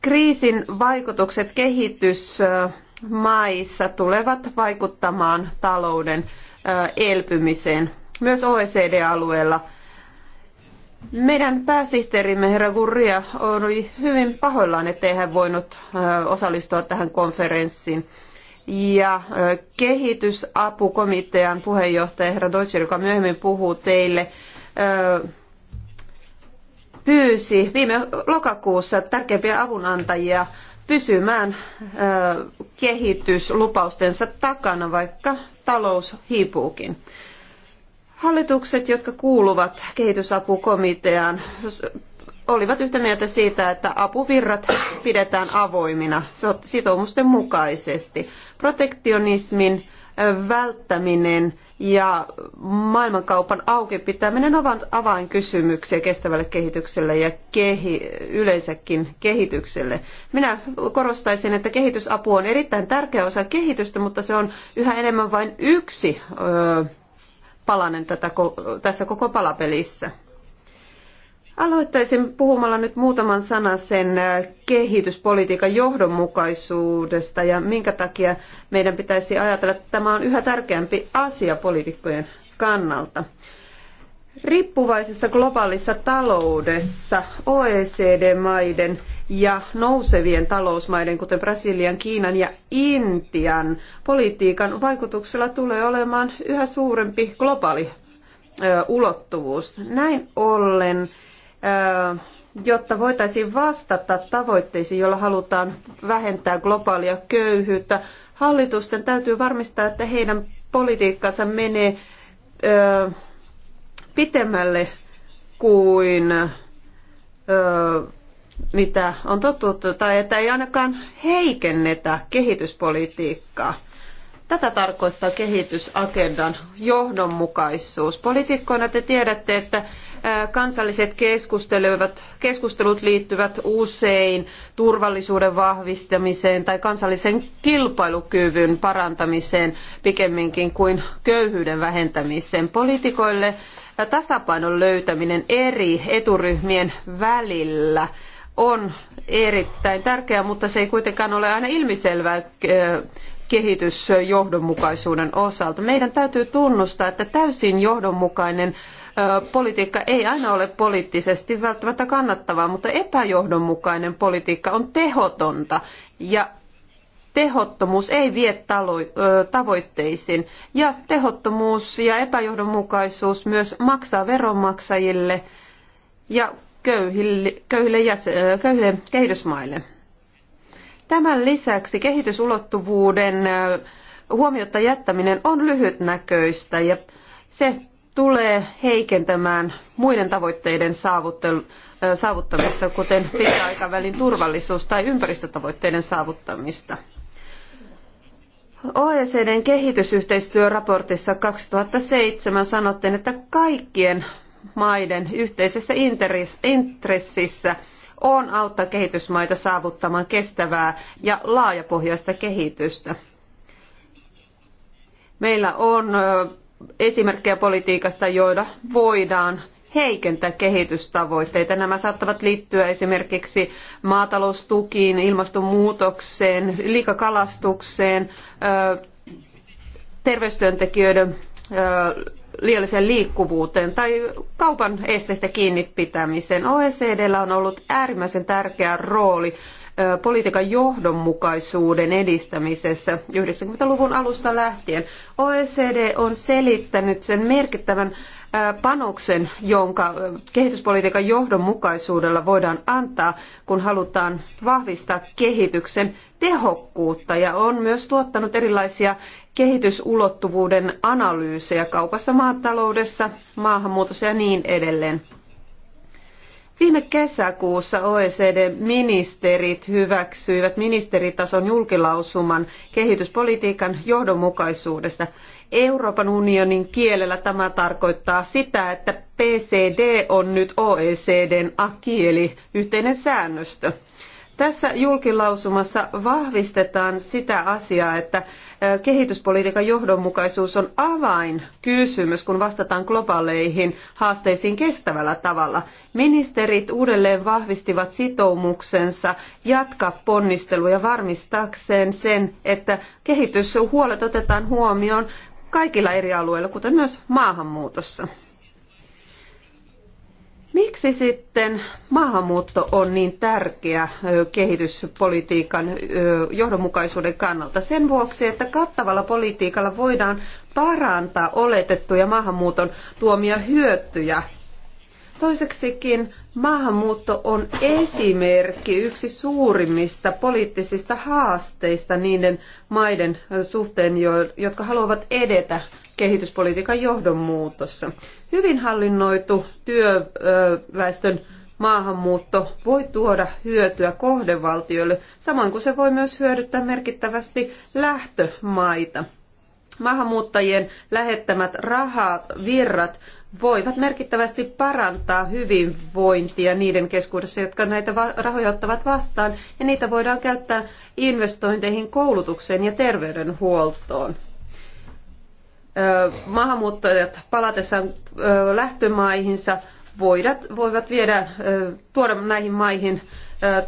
S1: Kriisin vaikutukset kehitysmaissa tulevat vaikuttamaan talouden elpymiseen myös OECD-alueella. Meidän pääsihteerimme herra Gurria oli hyvin pahoillaan, ettei hän voinut osallistua tähän konferenssiin. Ja kehitysapukomitean puheenjohtaja herra Deutscher, joka myöhemmin puhuu teille, pyysi viime lokakuussa tärkeimpiä avunantajia pysymään kehityslupaustensa takana, vaikka talous hiipuukin. Hallitukset, jotka kuuluvat kehitysapukomiteaan, olivat yhtä mieltä siitä, että apuvirrat pidetään avoimina sitoumusten mukaisesti. Protektionismin välttäminen ja maailmankaupan auki pitäminen ovat avainkysymyksiä kestävälle kehitykselle ja kehi, yleensäkin kehitykselle. Minä korostaisin, että kehitysapu on erittäin tärkeä osa kehitystä, mutta se on yhä enemmän vain yksi ö, palanen tätä, tässä koko palapelissä. Aloittaisin puhumalla nyt muutaman sanan sen äh, kehityspolitiikan johdonmukaisuudesta ja minkä takia meidän pitäisi ajatella, että tämä on yhä tärkeämpi asia poliitikkojen kannalta. Riippuvaisessa globaalissa taloudessa OECD-maiden ja nousevien talousmaiden, kuten Brasilian, Kiinan ja Intian, politiikan vaikutuksella tulee olemaan yhä suurempi globaali ulottuvuus. Näin ollen jotta voitaisiin vastata tavoitteisiin, joilla halutaan vähentää globaalia köyhyyttä, hallitusten täytyy varmistaa, että heidän politiikkansa menee pitemmälle kuin mitä on totuttu, tai että ei ainakaan heikennetä kehityspolitiikkaa. Tätä tarkoittaa kehitysagendan johdonmukaisuus. Poliitikkoina te tiedätte, että kansalliset keskustelut, keskustelut liittyvät usein turvallisuuden vahvistamiseen tai kansallisen kilpailukyvyn parantamiseen pikemminkin kuin köyhyyden vähentämiseen. Poliitikoille tasapainon löytäminen eri eturyhmien välillä on erittäin tärkeää, mutta se ei kuitenkaan ole aina ilmiselvää kehitysjohdonmukaisuuden osalta. Meidän täytyy tunnustaa, että täysin johdonmukainen politiikka ei aina ole poliittisesti välttämättä kannattavaa, mutta epäjohdonmukainen politiikka on tehotonta ja tehottomuus ei vie tavoitteisiin. Ja tehottomuus ja epäjohdonmukaisuus myös maksaa veronmaksajille ja köyhille, köyhille, jäsen, köyhille kehitysmaille. Tämän lisäksi kehitysulottuvuuden huomiota jättäminen on lyhytnäköistä ja se tulee heikentämään muiden tavoitteiden saavuttamista, kuten pitkäaikavälin turvallisuus- tai ympäristötavoitteiden saavuttamista. OECDn kehitysyhteistyöraportissa 2007 sanottiin, että kaikkien maiden yhteisessä intressissä on auttaa kehitysmaita saavuttamaan kestävää ja laajapohjaista kehitystä. Meillä on esimerkkejä politiikasta, joilla voidaan heikentää kehitystavoitteita. Nämä saattavat liittyä esimerkiksi maataloustukiin, ilmastonmuutokseen, liikakalastukseen, terveystyöntekijöiden liialliseen liikkuvuuteen tai kaupan esteistä kiinni pitämiseen. OECDllä on ollut äärimmäisen tärkeä rooli politiikan johdonmukaisuuden edistämisessä 90-luvun alusta lähtien. OECD on selittänyt sen merkittävän panoksen, jonka kehityspolitiikan johdonmukaisuudella voidaan antaa, kun halutaan vahvistaa kehityksen tehokkuutta ja on myös tuottanut erilaisia kehitysulottuvuuden analyysejä kaupassa, maataloudessa, maahanmuutossa ja niin edelleen. Viime kesäkuussa OECD-ministerit hyväksyivät ministeritason julkilausuman kehityspolitiikan johdonmukaisuudesta. Euroopan unionin kielellä tämä tarkoittaa sitä, että PCD on nyt OECDn akieli, yhteinen säännöstö. Tässä julkilausumassa vahvistetaan sitä asiaa, että kehityspolitiikan johdonmukaisuus on avainkysymys, kun vastataan globaaleihin haasteisiin kestävällä tavalla. Ministerit uudelleen vahvistivat sitoumuksensa jatkaa ponnisteluja varmistakseen sen, että kehityshuolet otetaan huomioon kaikilla eri alueilla, kuten myös maahanmuutossa. Miksi sitten maahanmuutto on niin tärkeä kehityspolitiikan johdonmukaisuuden kannalta? Sen vuoksi, että kattavalla politiikalla voidaan parantaa oletettuja maahanmuuton tuomia hyötyjä. Toiseksikin maahanmuutto on esimerkki yksi suurimmista poliittisista haasteista niiden maiden suhteen, jotka haluavat edetä kehityspolitiikan johdonmuutossa. Hyvin hallinnoitu työväestön maahanmuutto voi tuoda hyötyä kohdevaltioille, samoin kuin se voi myös hyödyttää merkittävästi lähtömaita. Maahanmuuttajien lähettämät rahat, virrat voivat merkittävästi parantaa hyvinvointia niiden keskuudessa, jotka näitä rahoja ottavat vastaan, ja niitä voidaan käyttää investointeihin, koulutukseen ja terveydenhuoltoon maahanmuuttajat palatessaan lähtömaihinsa voivat, voivat viedä, tuoda näihin maihin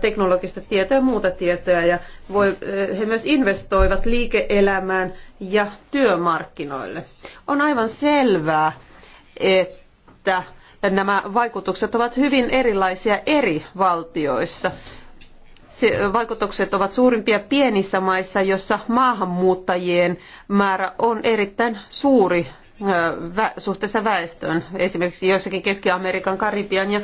S1: teknologista tietoa ja muuta tietoa ja voi, he myös investoivat liike-elämään ja työmarkkinoille. On aivan selvää, että nämä vaikutukset ovat hyvin erilaisia eri valtioissa vaikutukset ovat suurimpia pienissä maissa, jossa maahanmuuttajien määrä on erittäin suuri suhteessa väestöön, esimerkiksi joissakin Keski-Amerikan, Karibian ja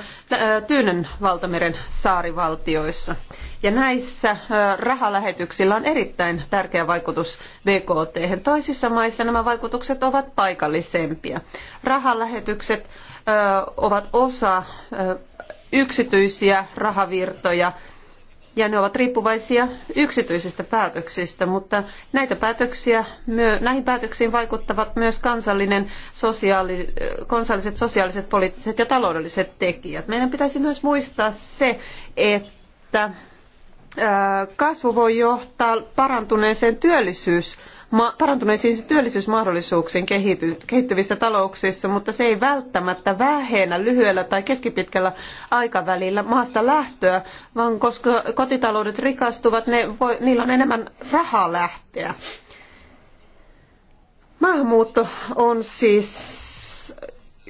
S1: Tyynen valtameren saarivaltioissa. Ja näissä rahalähetyksillä on erittäin tärkeä vaikutus BKT. Toisissa maissa nämä vaikutukset ovat paikallisempia. Rahalähetykset ovat osa yksityisiä rahavirtoja ja ne ovat riippuvaisia yksityisistä päätöksistä, mutta näitä päätöksiä, näihin päätöksiin vaikuttavat myös kansallinen, sosiaali, kansalliset sosiaaliset, poliittiset ja taloudelliset tekijät. Meidän pitäisi myös muistaa se, että kasvu voi johtaa parantuneeseen työllisyys parantuneisiin työllisyysmahdollisuuksiin kehittyvissä talouksissa, mutta se ei välttämättä vähennä lyhyellä tai keskipitkällä aikavälillä maasta lähtöä, vaan koska kotitaloudet rikastuvat, ne voi, niillä on enemmän rahaa lähteä. Maahanmuutto on siis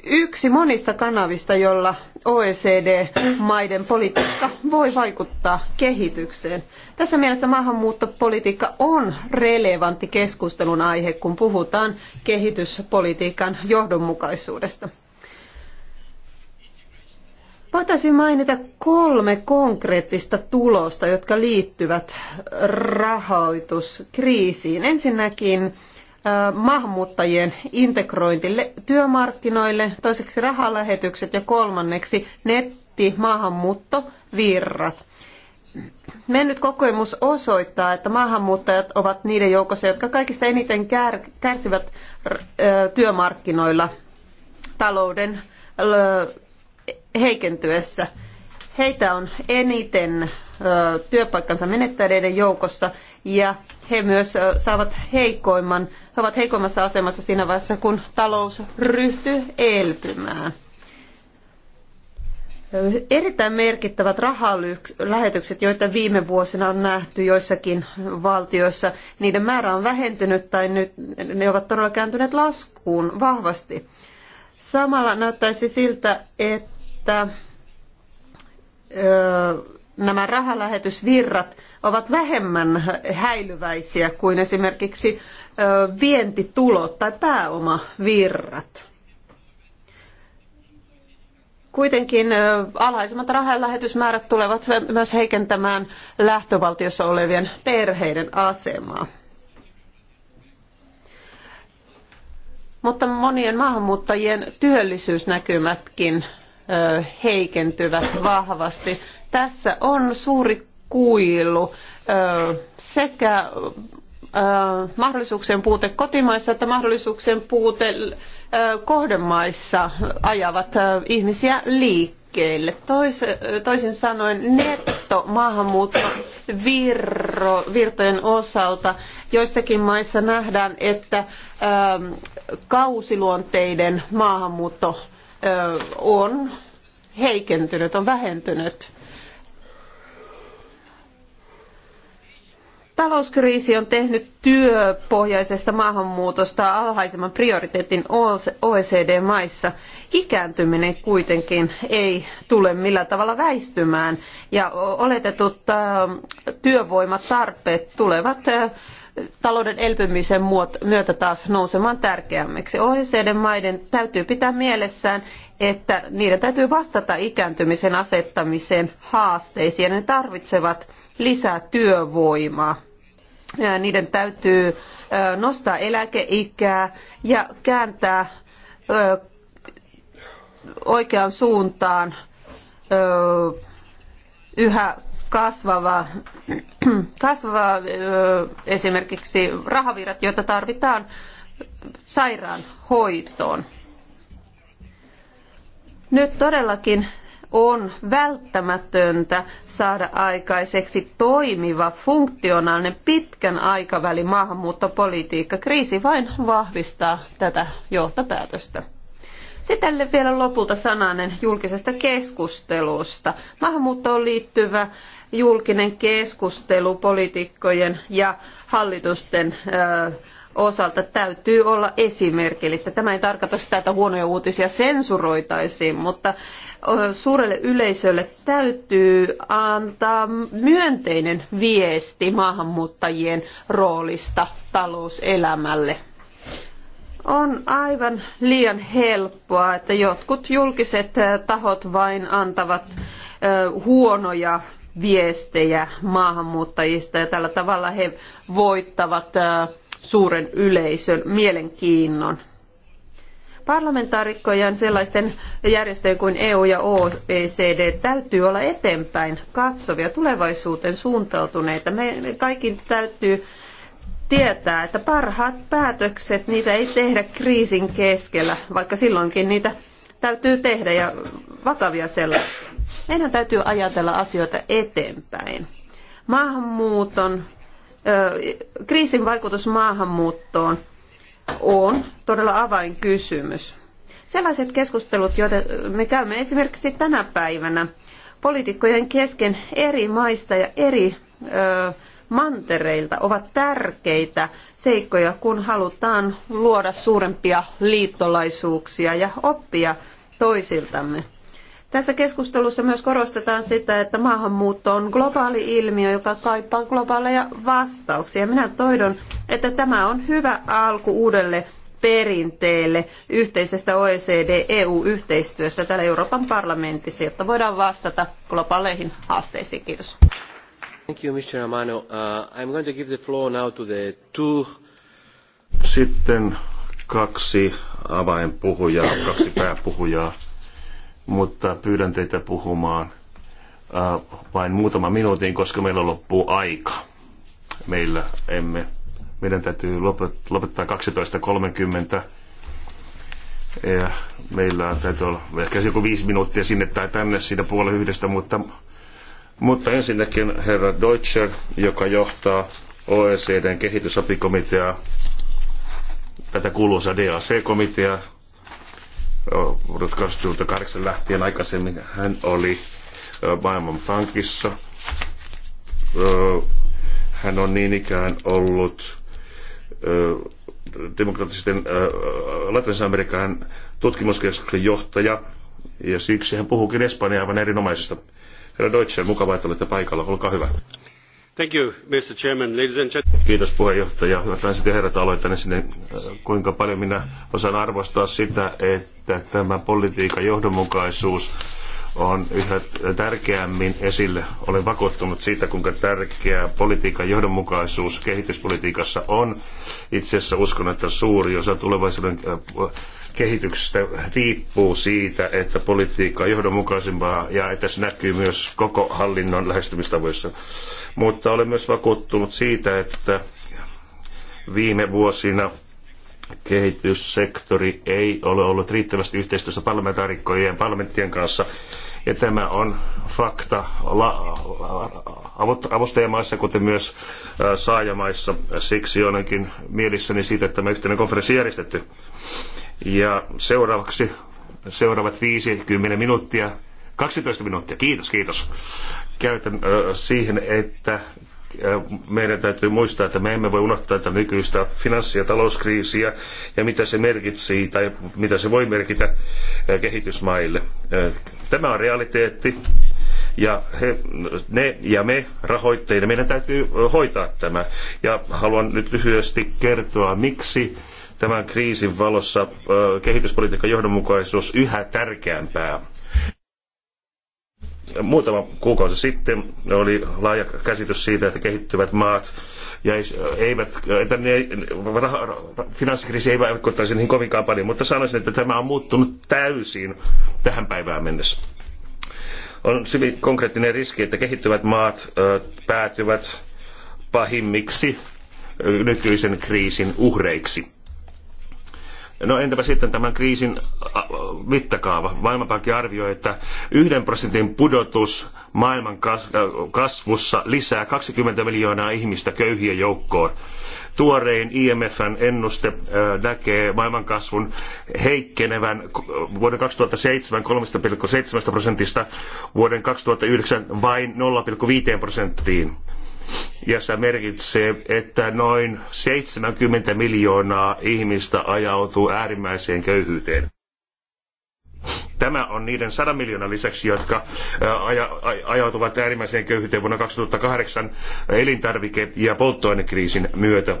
S1: yksi monista kanavista, jolla OECD-maiden politiikka voi vaikuttaa kehitykseen. Tässä mielessä maahanmuuttopolitiikka on relevantti keskustelun aihe, kun puhutaan kehityspolitiikan johdonmukaisuudesta. Voitaisiin mainita kolme konkreettista tulosta, jotka liittyvät rahoituskriisiin. Ensinnäkin maahanmuuttajien integrointille työmarkkinoille, toiseksi rahalähetykset ja kolmanneksi netti, maahanmuutto, virrat. Mennyt kokemus osoittaa, että maahanmuuttajat ovat niiden joukossa, jotka kaikista eniten kärsivät työmarkkinoilla talouden heikentyessä. Heitä on eniten työpaikkansa menettäneiden joukossa ja he myös saavat heikoimman, he ovat heikoimmassa asemassa siinä vaiheessa, kun talous ryhtyy elpymään. Erittäin merkittävät rahalähetykset, joita viime vuosina on nähty joissakin valtioissa, niiden määrä on vähentynyt tai nyt ne ovat todella kääntyneet laskuun vahvasti. Samalla näyttäisi siltä, että nämä rahalähetysvirrat ovat vähemmän häilyväisiä kuin esimerkiksi vientitulot tai pääomavirrat. Kuitenkin alhaisemmat rahalähetysmäärät tulevat myös heikentämään lähtövaltiossa olevien perheiden asemaa. Mutta monien maahanmuuttajien työllisyysnäkymätkin heikentyvät vahvasti. Tässä on suuri kuilu sekä mahdollisuuksien puute kotimaissa että mahdollisuuksien puute kohdemaissa ajavat ihmisiä liikkeelle. Tois, toisin sanoen netto virtojen osalta joissakin maissa nähdään, että kausiluonteiden maahanmuutto on heikentynyt, on vähentynyt. Talouskriisi on tehnyt työpohjaisesta maahanmuutosta alhaisemman prioriteetin OECD-maissa. Ikääntyminen kuitenkin ei tule millään tavalla väistymään ja oletetut työvoimatarpeet tulevat talouden elpymisen myötä taas nousemaan tärkeämmiksi. OECD-maiden täytyy pitää mielessään, että niiden täytyy vastata ikääntymisen asettamiseen haasteisiin. Ne tarvitsevat lisää työvoimaa. Ja niiden täytyy nostaa eläkeikää ja kääntää oikeaan suuntaan yhä kasvava, kasvava esimerkiksi rahavirrat, joita tarvitaan sairaanhoitoon. Nyt todellakin on välttämätöntä saada aikaiseksi toimiva, funktionaalinen, pitkän aikavälin maahanmuuttopolitiikka. Kriisi vain vahvistaa tätä johtopäätöstä. Sitten vielä lopulta sananen julkisesta keskustelusta. Maahanmuuttoon liittyvä julkinen keskustelu poliitikkojen ja hallitusten osalta täytyy olla esimerkillistä. Tämä ei tarkoita sitä, että huonoja uutisia sensuroitaisiin, mutta suurelle yleisölle täytyy antaa myönteinen viesti maahanmuuttajien roolista talouselämälle. On aivan liian helppoa, että jotkut julkiset tahot vain antavat huonoja viestejä maahanmuuttajista ja tällä tavalla he voittavat äh, suuren yleisön mielenkiinnon. Parlamentaarikkojen sellaisten järjestöjen kuin EU ja OECD täytyy olla eteenpäin katsovia, tulevaisuuteen suuntautuneita. Me kaikki täytyy tietää, että parhaat päätökset, niitä ei tehdä kriisin keskellä, vaikka silloinkin niitä täytyy tehdä ja vakavia sellaisia meidän täytyy ajatella asioita eteenpäin. Maahanmuuton, kriisin vaikutus maahanmuuttoon on todella avainkysymys. Sellaiset keskustelut, joita me käymme esimerkiksi tänä päivänä poliitikkojen kesken eri maista ja eri ö, mantereilta, ovat tärkeitä seikkoja, kun halutaan luoda suurempia liittolaisuuksia ja oppia toisiltamme. Tässä keskustelussa myös korostetaan sitä, että maahanmuutto on globaali ilmiö, joka kaipaa globaaleja vastauksia. Minä toidon, että tämä on hyvä alku uudelle perinteelle yhteisestä OECD-EU-yhteistyöstä täällä Euroopan parlamentissa, jotta voidaan vastata globaaleihin haasteisiin. Kiitos. Thank you, Mr. Amano. Uh, I'm going to give the floor now to the two...
S2: Sitten kaksi avainpuhujaa, kaksi pääpuhujaa mutta pyydän teitä puhumaan äh, vain muutama minuutin, koska meillä loppuu aika. Meillä emme, meidän täytyy lopettaa 12.30 ja meillä täytyy olla ehkä joku viisi minuuttia sinne tai tänne siinä puolen yhdestä, mutta, mutta ensinnäkin herra Deutscher, joka johtaa OECDn kehitysapikomiteaa, tätä kuuluisa DAC-komiteaa, vuodesta 2008 lähtien aikaisemmin hän oli pankissa. Hän on niin ikään ollut demokraattisten Latinalaisen Amerikan tutkimuskeskuksen johtaja, ja siksi hän puhuukin Espanjaa aivan erinomaisesta. Herra Deutsche, mukavaa, että olette paikalla. Olkaa hyvä. Thank you, Mr. Kiitos puheenjohtaja. Hyvät naiset ja herrat, aloitan sinne, eh, kuinka paljon minä osaan arvostaa sitä, että tämä politiikan johdonmukaisuus on yhä tärkeämmin esille. Olen vakuuttunut siitä, kuinka tärkeää politiikan johdonmukaisuus kehityspolitiikassa on. Itse asiassa uskon, että suuri osa tulevaisuuden eh, kehityksestä riippuu siitä, että politiikka on johdonmukaisempaa ja että se näkyy myös koko hallinnon lähestymistavoissa. Mutta olen myös vakuuttunut siitä, että viime vuosina kehityssektori ei ole ollut riittävästi yhteistyössä parlamentaarikkojen ja parlamenttien kanssa. Ja tämä on fakta avustajamaissa, kuten myös saajamaissa. Siksi olenkin mielissäni siitä, että tämä yhteinen konferenssi järjestetty. Ja seuraavaksi seuraavat 50 minuuttia, 12 minuuttia, kiitos, kiitos käytän siihen, että meidän täytyy muistaa, että me emme voi unohtaa tätä nykyistä finanssi- ja talouskriisiä ja mitä se merkitsee tai mitä se voi merkitä kehitysmaille. Tämä on realiteetti ja he, ne ja me rahoitteina, meidän täytyy hoitaa tämä. Ja haluan nyt lyhyesti kertoa, miksi tämän kriisin valossa kehityspolitiikan johdonmukaisuus yhä tärkeämpää Muutama kuukausi sitten oli laaja käsitys siitä, että kehittyvät maat ja eivät, että ne, finanssikriisi ei vaikuttaisi niihin kovinkaan paljon, mutta sanoisin, että tämä on muuttunut täysin tähän päivään mennessä. On hyvin konkreettinen riski, että kehittyvät maat ö, päätyvät pahimmiksi nykyisen kriisin uhreiksi No entäpä sitten tämän kriisin mittakaava? Maailmanpankki arvioi, että yhden prosentin pudotus maailman kasvussa lisää 20 miljoonaa ihmistä köyhiä joukkoon. Tuorein IMFn ennuste näkee maailmankasvun heikkenevän vuoden 2007 3,7 prosentista vuoden 2009 vain 0,5 prosenttiin ja se merkitsee, että noin 70 miljoonaa ihmistä ajautuu äärimmäiseen köyhyyteen. Tämä on niiden 100 miljoonan lisäksi, jotka ajautuvat äärimmäiseen köyhyyteen vuonna 2008 elintarvike- ja polttoainekriisin myötä.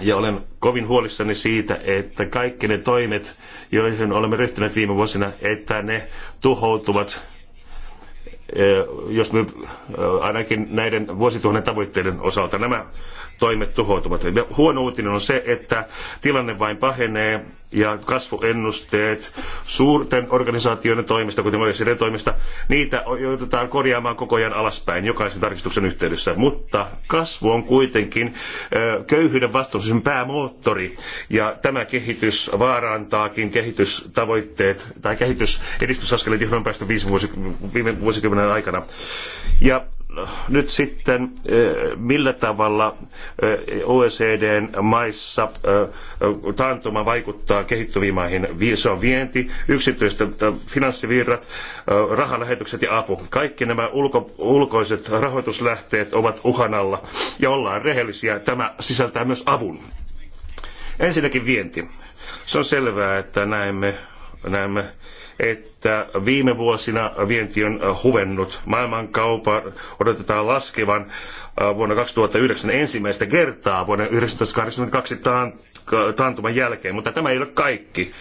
S2: Ja olen kovin huolissani siitä, että kaikki ne toimet, joihin olemme ryhtyneet viime vuosina, että ne tuhoutuvat Eh, jos me eh, ainakin näiden vuosituhannen tavoitteiden osalta nämä toimet tuhoutuvat. huono uutinen on se, että tilanne vain pahenee ja kasvuennusteet suurten organisaatioiden toimista, kuten OECDn toimista, niitä joudutaan korjaamaan koko ajan alaspäin jokaisen tarkistuksen yhteydessä. Mutta kasvu on kuitenkin köyhyyden vastuullisen päämoottori, ja tämä kehitys vaarantaakin kehitystavoitteet tai kehitys edistysaskeleet, johon on päästy viime vuosikymmenen aikana. Ja nyt sitten, eh, millä tavalla eh, OECDn maissa eh, taantuma vaikuttaa kehittyviin maihin? Se on vienti, yksityiset finanssivirrat, rahalähetykset ja apu. Kaikki nämä ulko, ulkoiset rahoituslähteet ovat uhan alla ja ollaan rehellisiä. Tämä sisältää myös avun. Ensinnäkin vienti. Se on selvää, että näemme, näemme että viime vuosina vienti on äh, huvennut. Maailmankaupan odotetaan laskevan äh, vuonna 2009 ensimmäistä kertaa vuoden 1982 taantuman jälkeen, mutta tämä ei ole kaikki.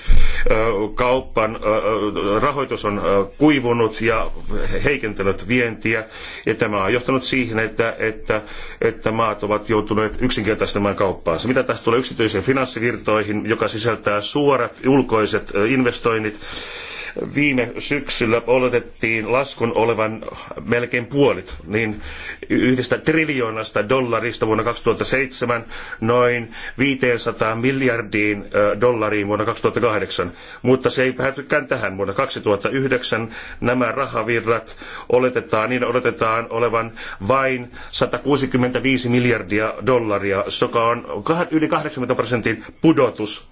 S2: Äh, Kauppan rahoitus on kuivunut ja heikentänyt vientiä, ja tämä on johtanut siihen, että, että, että maat ovat joutuneet yksinkertaistamaan kauppaansa. Mitä tässä tulee yksityisiin finanssivirtoihin, joka sisältää suorat ulkoiset investoinnit, Viime syksyllä oletettiin laskun olevan melkein puolit, niin yhdestä triljoonasta dollarista vuonna 2007 noin 500 miljardiin dollariin vuonna 2008, mutta se ei päätykään tähän vuonna 2009. Nämä rahavirrat oletetaan, niin odotetaan olevan vain 165 miljardia dollaria, joka on yli 80 prosentin pudotus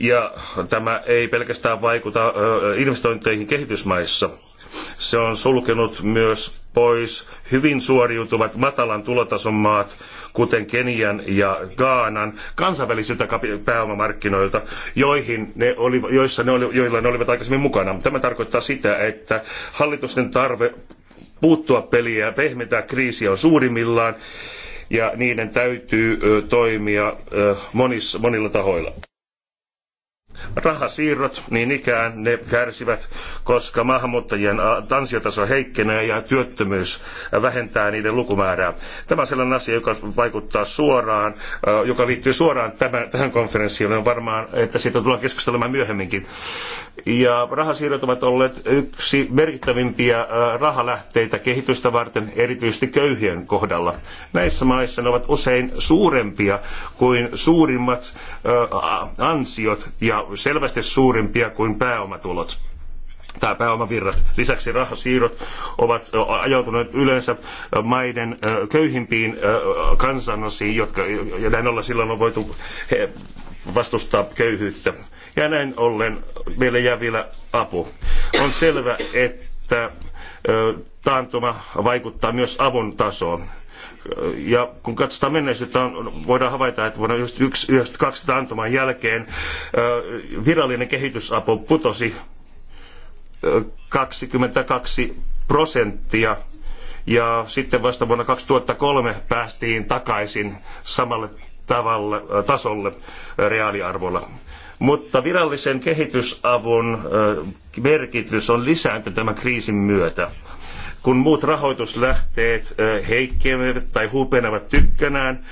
S2: ja tämä ei pelkästään vaikuta investointeihin kehitysmaissa. Se on sulkenut myös pois hyvin suoriutuvat matalan tulotason maat, kuten Kenian ja Gaanan, kansainvälisiltä pääomamarkkinoilta, joihin ne oli, joissa ne oli, joilla ne olivat aikaisemmin mukana. Tämä tarkoittaa sitä, että hallitusten tarve puuttua peliä ja pehmentää kriisiä on suurimmillaan, ja niiden täytyy toimia monilla tahoilla. Rahasiirrot, niin ikään ne kärsivät, koska maahanmuuttajien ansiotaso heikkenee ja työttömyys vähentää niiden lukumäärää. Tämä on sellainen asia, joka vaikuttaa suoraan, joka liittyy suoraan tämän, tähän konferenssiin. On varmaan, että siitä tullaan keskustelemaan myöhemminkin. Ja rahasiirrot ovat olleet yksi merkittävimpiä rahalähteitä kehitystä varten, erityisesti köyhien kohdalla. Näissä maissa ne ovat usein suurempia kuin suurimmat ansiot ja selvästi suurimpia kuin pääomatulot tai pääomavirrat. Lisäksi rahasiirrot ovat ajautuneet yleensä maiden köyhimpiin kansanosiin, jotka, ja näin ollen silloin on voitu vastustaa köyhyyttä. Ja näin ollen meille jää vielä apu. On selvä, että taantuma vaikuttaa myös avun tasoon ja kun katsotaan menneisyyttä, on, voidaan havaita, että vuonna 1992 taantuman jälkeen virallinen kehitysapu putosi 22 prosenttia ja sitten vasta vuonna 2003 päästiin takaisin samalle tavalle, tasolle reaaliarvolla. Mutta virallisen kehitysavun merkitys on lisääntynyt tämän kriisin myötä. Kun muut rahoituslähteet heikkenevät tai hupenevat tykkänään,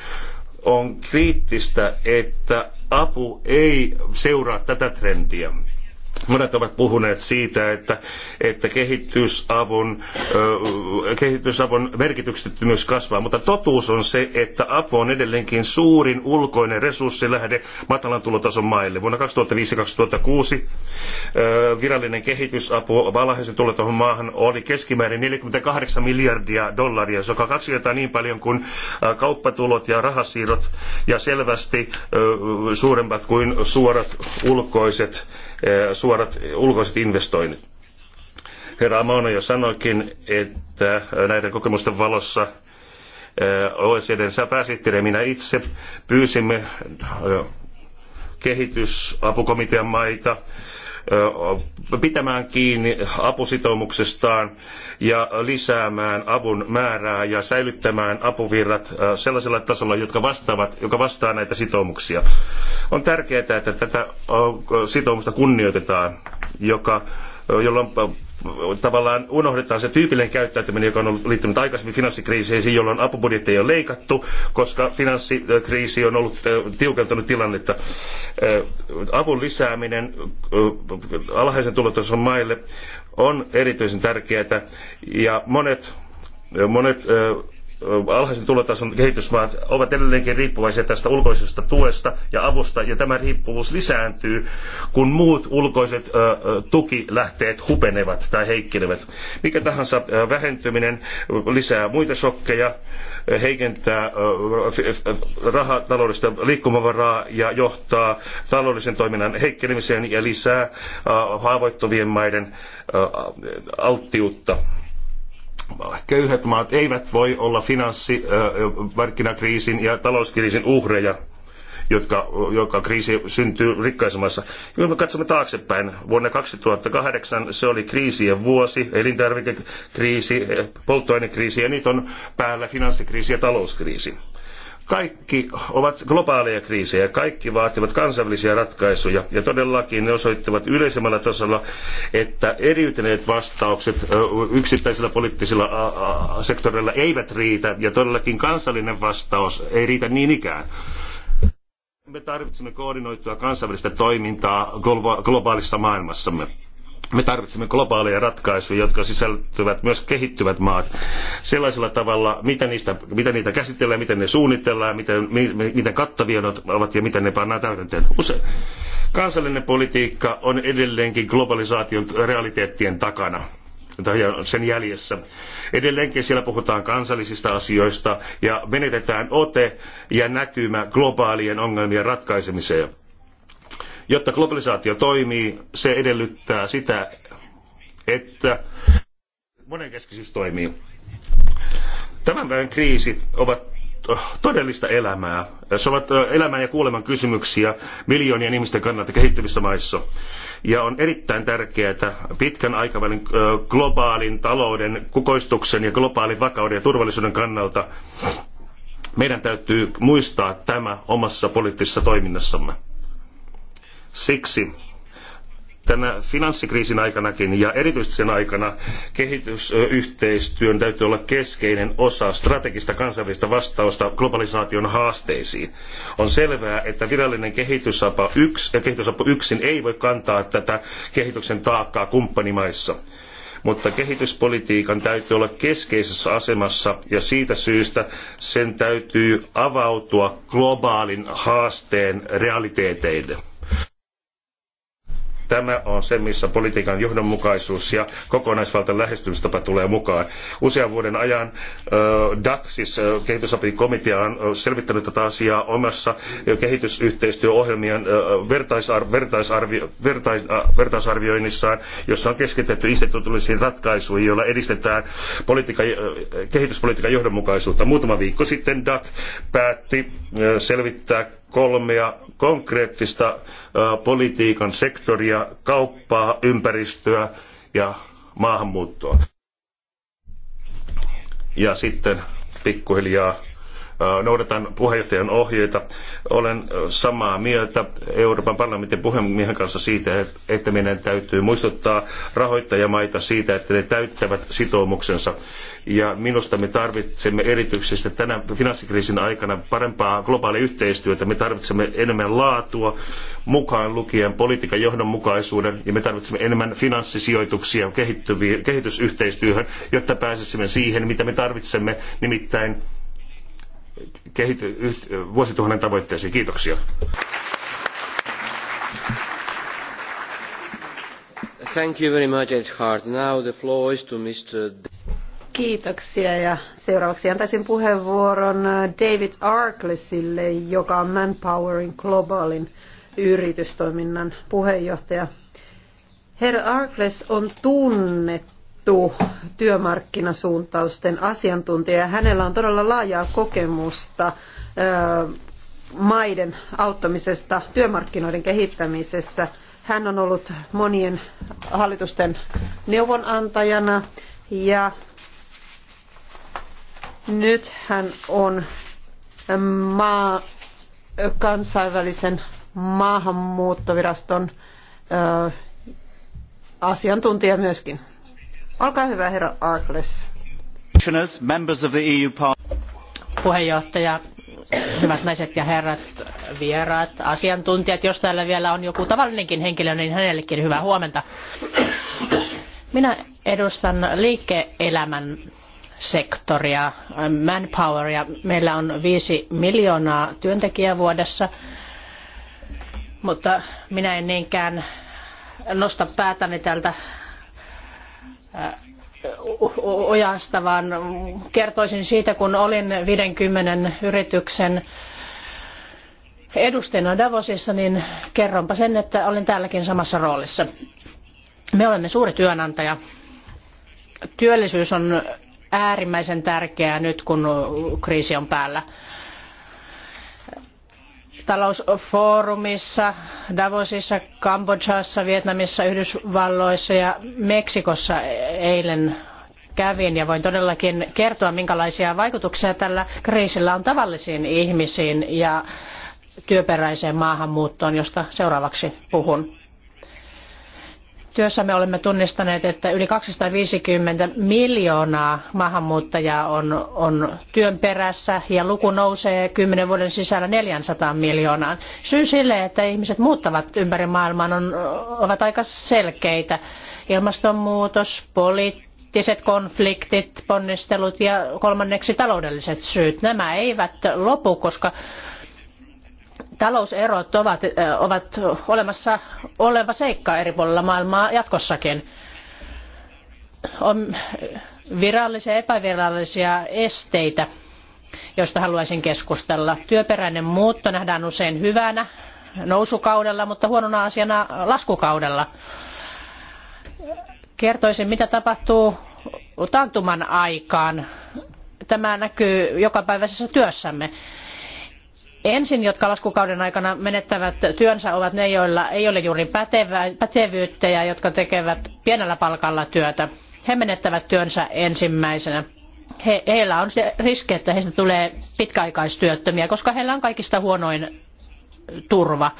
S2: on kriittistä, että apu ei seuraa tätä trendiä. Monet ovat puhuneet siitä, että, että kehitysavun, kehitysavun merkityksettömyys kasvaa, mutta totuus on se, että apu on edelleenkin suurin ulkoinen resurssilähde matalan tulotason maille. Vuonna 2005-2006 virallinen kehitysapu valhaisen tulotason maahan oli keskimäärin 48 miljardia dollaria, joka on kaksi kertaa niin paljon kuin kauppatulot ja rahasiirrot ja selvästi suuremmat kuin suorat ulkoiset Eh, suorat ulkoiset investoinnit. Herra Amano jo sanoikin, että näiden kokemusten valossa eh, OECDn pääsihteeri minä itse pyysimme eh, kehitysapukomitean maita pitämään kiinni apusitoumuksestaan ja lisäämään avun määrää ja säilyttämään apuvirrat sellaisella tasolla, jotka vastaavat, joka vastaa näitä sitoumuksia. On tärkeää, että tätä sitoumusta kunnioitetaan, joka, jolla on tavallaan unohdetaan se tyypillinen käyttäytyminen, joka on liittynyt aikaisemmin finanssikriiseihin, jolloin apubudjetteja on leikattu, koska finanssikriisi on ollut tiukentanut tilannetta. Avun lisääminen alhaisen tulotason maille on erityisen tärkeää ja monet, monet alhaisen tulotason kehitysmaat ovat edelleenkin riippuvaisia tästä ulkoisesta tuesta ja avusta, ja tämä riippuvuus lisääntyy, kun muut ulkoiset tukilähteet hupenevat tai heikkenevät. Mikä tahansa vähentyminen lisää muita shokkeja, heikentää rahataloudesta liikkumavaraa ja johtaa taloudellisen toiminnan heikkenemiseen ja lisää haavoittuvien maiden alttiutta köyhät maat eivät voi olla finanssimarkkinakriisin ja talouskriisin uhreja, jotka, joka kriisi syntyy rikkaissa maissa. Kun me katsomme taaksepäin, vuonna 2008 se oli kriisien vuosi, elintarvikekriisi, polttoainekriisi ja nyt on päällä finanssikriisi ja talouskriisi. Kaikki ovat globaaleja kriisejä, kaikki vaativat kansainvälisiä ratkaisuja ja todellakin ne osoittavat yleisemmällä tasolla, että eriytyneet vastaukset yksittäisillä poliittisilla sektoreilla eivät riitä ja todellakin kansallinen vastaus ei riitä niin ikään. Me tarvitsemme koordinoitua kansainvälistä toimintaa globaalissa maailmassamme me tarvitsemme globaaleja ratkaisuja, jotka sisältyvät myös kehittyvät maat sellaisella tavalla, miten, niistä, miten niitä käsitellään, miten ne suunnitellaan, miten, miten kattavia ne ovat ja miten ne pannaan täytäntöön. Usein kansallinen politiikka on edelleenkin globalisaation realiteettien takana tai sen jäljessä. Edelleenkin siellä puhutaan kansallisista asioista ja menetetään ote ja näkymä globaalien ongelmien ratkaisemiseen Jotta globalisaatio toimii, se edellyttää sitä, että monenkeskisyys toimii. Tämän päivän kriisit ovat äh, todellista elämää. Se ovat äh, elämän ja kuoleman kysymyksiä miljoonien ihmisten kannalta kehittyvissä maissa. Ja on erittäin tärkeää pitkän aikavälin äh, globaalin talouden kukoistuksen ja globaalin vakauden ja turvallisuuden kannalta. Meidän täytyy muistaa tämä omassa poliittisessa toiminnassamme. Siksi tänä finanssikriisin aikanakin ja erityisesti sen aikana kehitysyhteistyön täytyy olla keskeinen osa strategista kansainvälistä vastausta globalisaation haasteisiin. On selvää, että virallinen kehitysapu, yks, kehitysapu yksin ei voi kantaa tätä kehityksen taakkaa kumppanimaissa mutta kehityspolitiikan täytyy olla keskeisessä asemassa ja siitä syystä sen täytyy avautua globaalin haasteen realiteeteille. Tämä on se, missä politiikan johdonmukaisuus ja kokonaisvaltainen lähestymistapa tulee mukaan. Usean vuoden ajan DAC, siis kehitysapikomitea, on selvittänyt tätä asiaa omassa kehitysyhteistyöohjelmien vertaisar- vertaisarvio- vertais- vertaisarvioinnissaan, jossa on keskitetty instituutiollisiin ratkaisuihin, joilla edistetään politiikka, kehityspolitiikan johdonmukaisuutta. Muutama viikko sitten DAC päätti selvittää kolmea konkreettista politiikan sektoria, kauppaa, ympäristöä ja maahanmuuttoa. Ja sitten pikkuhiljaa noudatan puheenjohtajan ohjeita. Olen samaa mieltä Euroopan parlamentin puhemiehen kanssa siitä, että meidän täytyy muistuttaa rahoittajamaita siitä, että ne täyttävät sitoumuksensa. Ja minusta me tarvitsemme erityisesti tänä finanssikriisin aikana parempaa globaalia yhteistyötä. Me tarvitsemme enemmän laatua mukaan lukien politiikan johdonmukaisuuden ja me tarvitsemme enemmän finanssisijoituksia kehitysyhteistyöhön, jotta pääsisimme siihen, mitä me tarvitsemme, nimittäin kehity, vuosituhannen tavoitteisiin. Kiitoksia.
S1: Thank you very much, Hart. Now the floor is to Mr. Kiitoksia ja seuraavaksi antaisin puheenvuoron David Arklesille, joka on Manpowering Globalin yritystoiminnan puheenjohtaja. Herra Arkles on tunnettu vastuu työmarkkinasuuntausten asiantuntija. Hänellä on todella laajaa kokemusta maiden auttamisesta työmarkkinoiden kehittämisessä. Hän on ollut monien hallitusten neuvonantajana ja nyt hän on maa, kansainvälisen maahanmuuttoviraston asiantuntija myöskin. Olkaa hyvä, herra Arkles.
S3: E Puheenjohtaja, hyvät naiset ja herrat, vieraat, asiantuntijat, jos täällä vielä on joku tavallinenkin henkilö, niin hänellekin hyvää huomenta. Minä edustan liike-elämän sektoria, manpoweria. Meillä on viisi miljoonaa työntekijää vuodessa, mutta minä en niinkään nosta päätäni täältä ojasta, vaan kertoisin siitä, kun olin 50 yrityksen edustajana Davosissa, niin kerronpa sen, että olen täälläkin samassa roolissa. Me olemme suuri työnantaja. Työllisyys on äärimmäisen tärkeää nyt, kun kriisi on päällä talousfoorumissa, Davosissa, kambodassa Vietnamissa, Yhdysvalloissa ja Meksikossa eilen kävin ja voin todellakin kertoa, minkälaisia vaikutuksia tällä kriisillä on tavallisiin ihmisiin ja työperäiseen maahanmuuttoon, josta seuraavaksi puhun. Työssämme olemme tunnistaneet, että yli 250 miljoonaa maahanmuuttajaa on, on työn perässä ja luku nousee kymmenen vuoden sisällä 400 miljoonaan. Syy sille, että ihmiset muuttavat ympäri maailmaa, on, ovat aika selkeitä. Ilmastonmuutos, poliittiset konfliktit, ponnistelut ja kolmanneksi taloudelliset syyt. Nämä eivät lopu, koska talouserot ovat, ovat olemassa oleva seikka eri puolilla maailmaa jatkossakin. On virallisia ja epävirallisia esteitä, joista haluaisin keskustella. Työperäinen muutto nähdään usein hyvänä nousukaudella, mutta huonona asiana laskukaudella. Kertoisin, mitä tapahtuu taantuman aikaan. Tämä näkyy jokapäiväisessä työssämme ensin, jotka laskukauden aikana menettävät työnsä, ovat ne, joilla ei ole juuri pätevä, pätevyyttä ja jotka tekevät pienellä palkalla työtä. He menettävät työnsä ensimmäisenä. He, heillä on se riski, että heistä tulee pitkäaikaistyöttömiä, koska heillä on kaikista huonoin turva.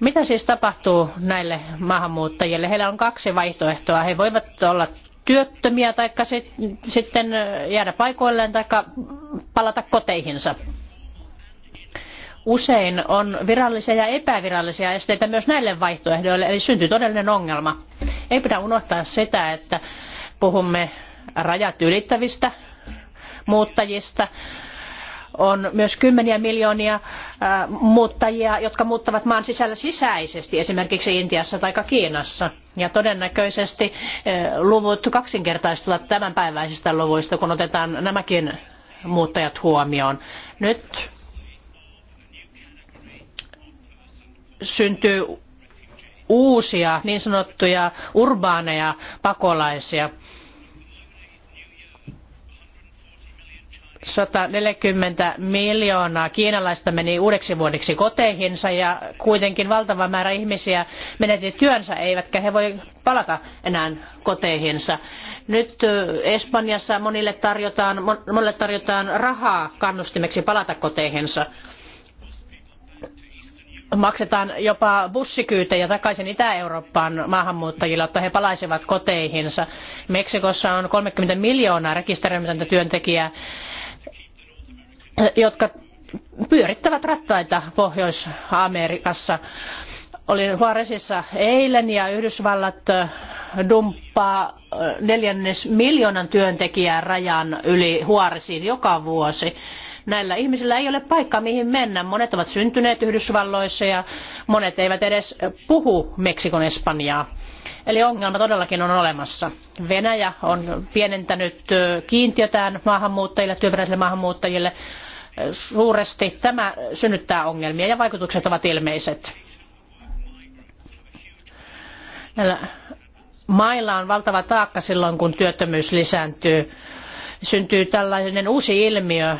S3: Mitä siis tapahtuu näille maahanmuuttajille? Heillä on kaksi vaihtoehtoa. He voivat olla työttömiä tai sitten jäädä paikoilleen tai palata koteihinsa. Usein on virallisia ja epävirallisia esteitä myös näille vaihtoehdoille, eli syntyy todellinen ongelma. Ei pidä unohtaa sitä, että puhumme rajat ylittävistä muuttajista, on myös kymmeniä miljoonia muuttajia, jotka muuttavat maan sisällä sisäisesti, esimerkiksi Intiassa tai Kiinassa. Ja todennäköisesti luvut kaksinkertaistuvat tämänpäiväisistä luvuista, kun otetaan nämäkin muuttajat huomioon. Nyt syntyy uusia niin sanottuja urbaaneja pakolaisia. 140 miljoonaa kiinalaista meni uudeksi vuodeksi koteihinsa ja kuitenkin valtava määrä ihmisiä menetti työnsä, eivätkä he voi palata enää koteihinsa. Nyt Espanjassa monille tarjotaan, monille tarjotaan rahaa kannustimeksi palata koteihinsa maksetaan jopa bussikyytejä takaisin Itä-Eurooppaan maahanmuuttajille, jotta he palaisivat koteihinsa. Meksikossa on 30 miljoonaa rekisteröimätöntä työntekijää, jotka pyörittävät rattaita Pohjois-Amerikassa. Olin Juarezissa eilen ja Yhdysvallat äh, dumppaa äh, neljännes miljoonan työntekijää rajan yli Juarezin joka vuosi. Näillä ihmisillä ei ole paikkaa mihin mennä. Monet ovat syntyneet Yhdysvalloissa ja monet eivät edes puhu Meksikon Espanjaa. Eli ongelma todellakin on olemassa. Venäjä on pienentänyt kiintiötään maahanmuuttajille, työperäisille maahanmuuttajille suuresti. Tämä synnyttää ongelmia ja vaikutukset ovat ilmeiset. Näillä mailla on valtava taakka silloin, kun työttömyys lisääntyy syntyy tällainen uusi ilmiö,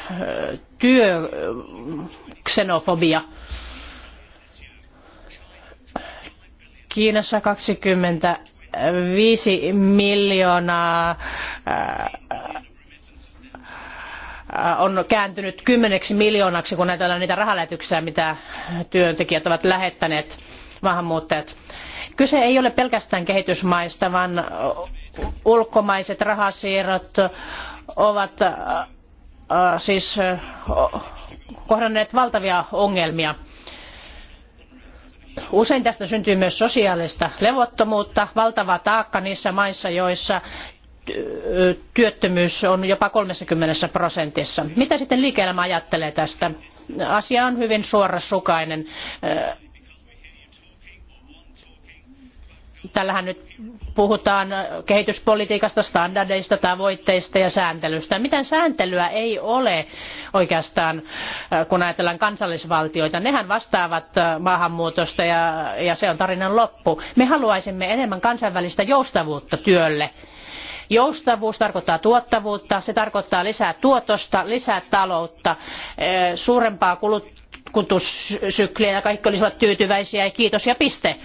S3: työksenofobia. Kiinassa 25 miljoonaa on kääntynyt kymmeneksi miljoonaksi, kun näitä niitä rahalähetyksiä, mitä työntekijät ovat lähettäneet, maahanmuuttajat. Kyse ei ole pelkästään kehitysmaista, vaan ulkomaiset rahasiirrot ovat äh, äh, siis äh, kohdanneet valtavia ongelmia. Usein tästä syntyy myös sosiaalista levottomuutta, valtava taakka niissä maissa, joissa työttömyys on jopa 30 prosentissa. Mitä sitten liike-elämä ajattelee tästä? Asia on hyvin suorasukainen. Tällähän nyt puhutaan kehityspolitiikasta, standardeista, tavoitteista ja sääntelystä. Mitään sääntelyä ei ole oikeastaan, äh, kun ajatellaan kansallisvaltioita. Nehän vastaavat äh, maahanmuutosta ja, ja se on tarinan loppu. Me haluaisimme enemmän kansainvälistä joustavuutta työlle. Joustavuus tarkoittaa tuottavuutta, se tarkoittaa lisää tuotosta, lisää taloutta, äh, suurempaa kulutussykliä ja kaikki olisivat tyytyväisiä ja kiitos ja piste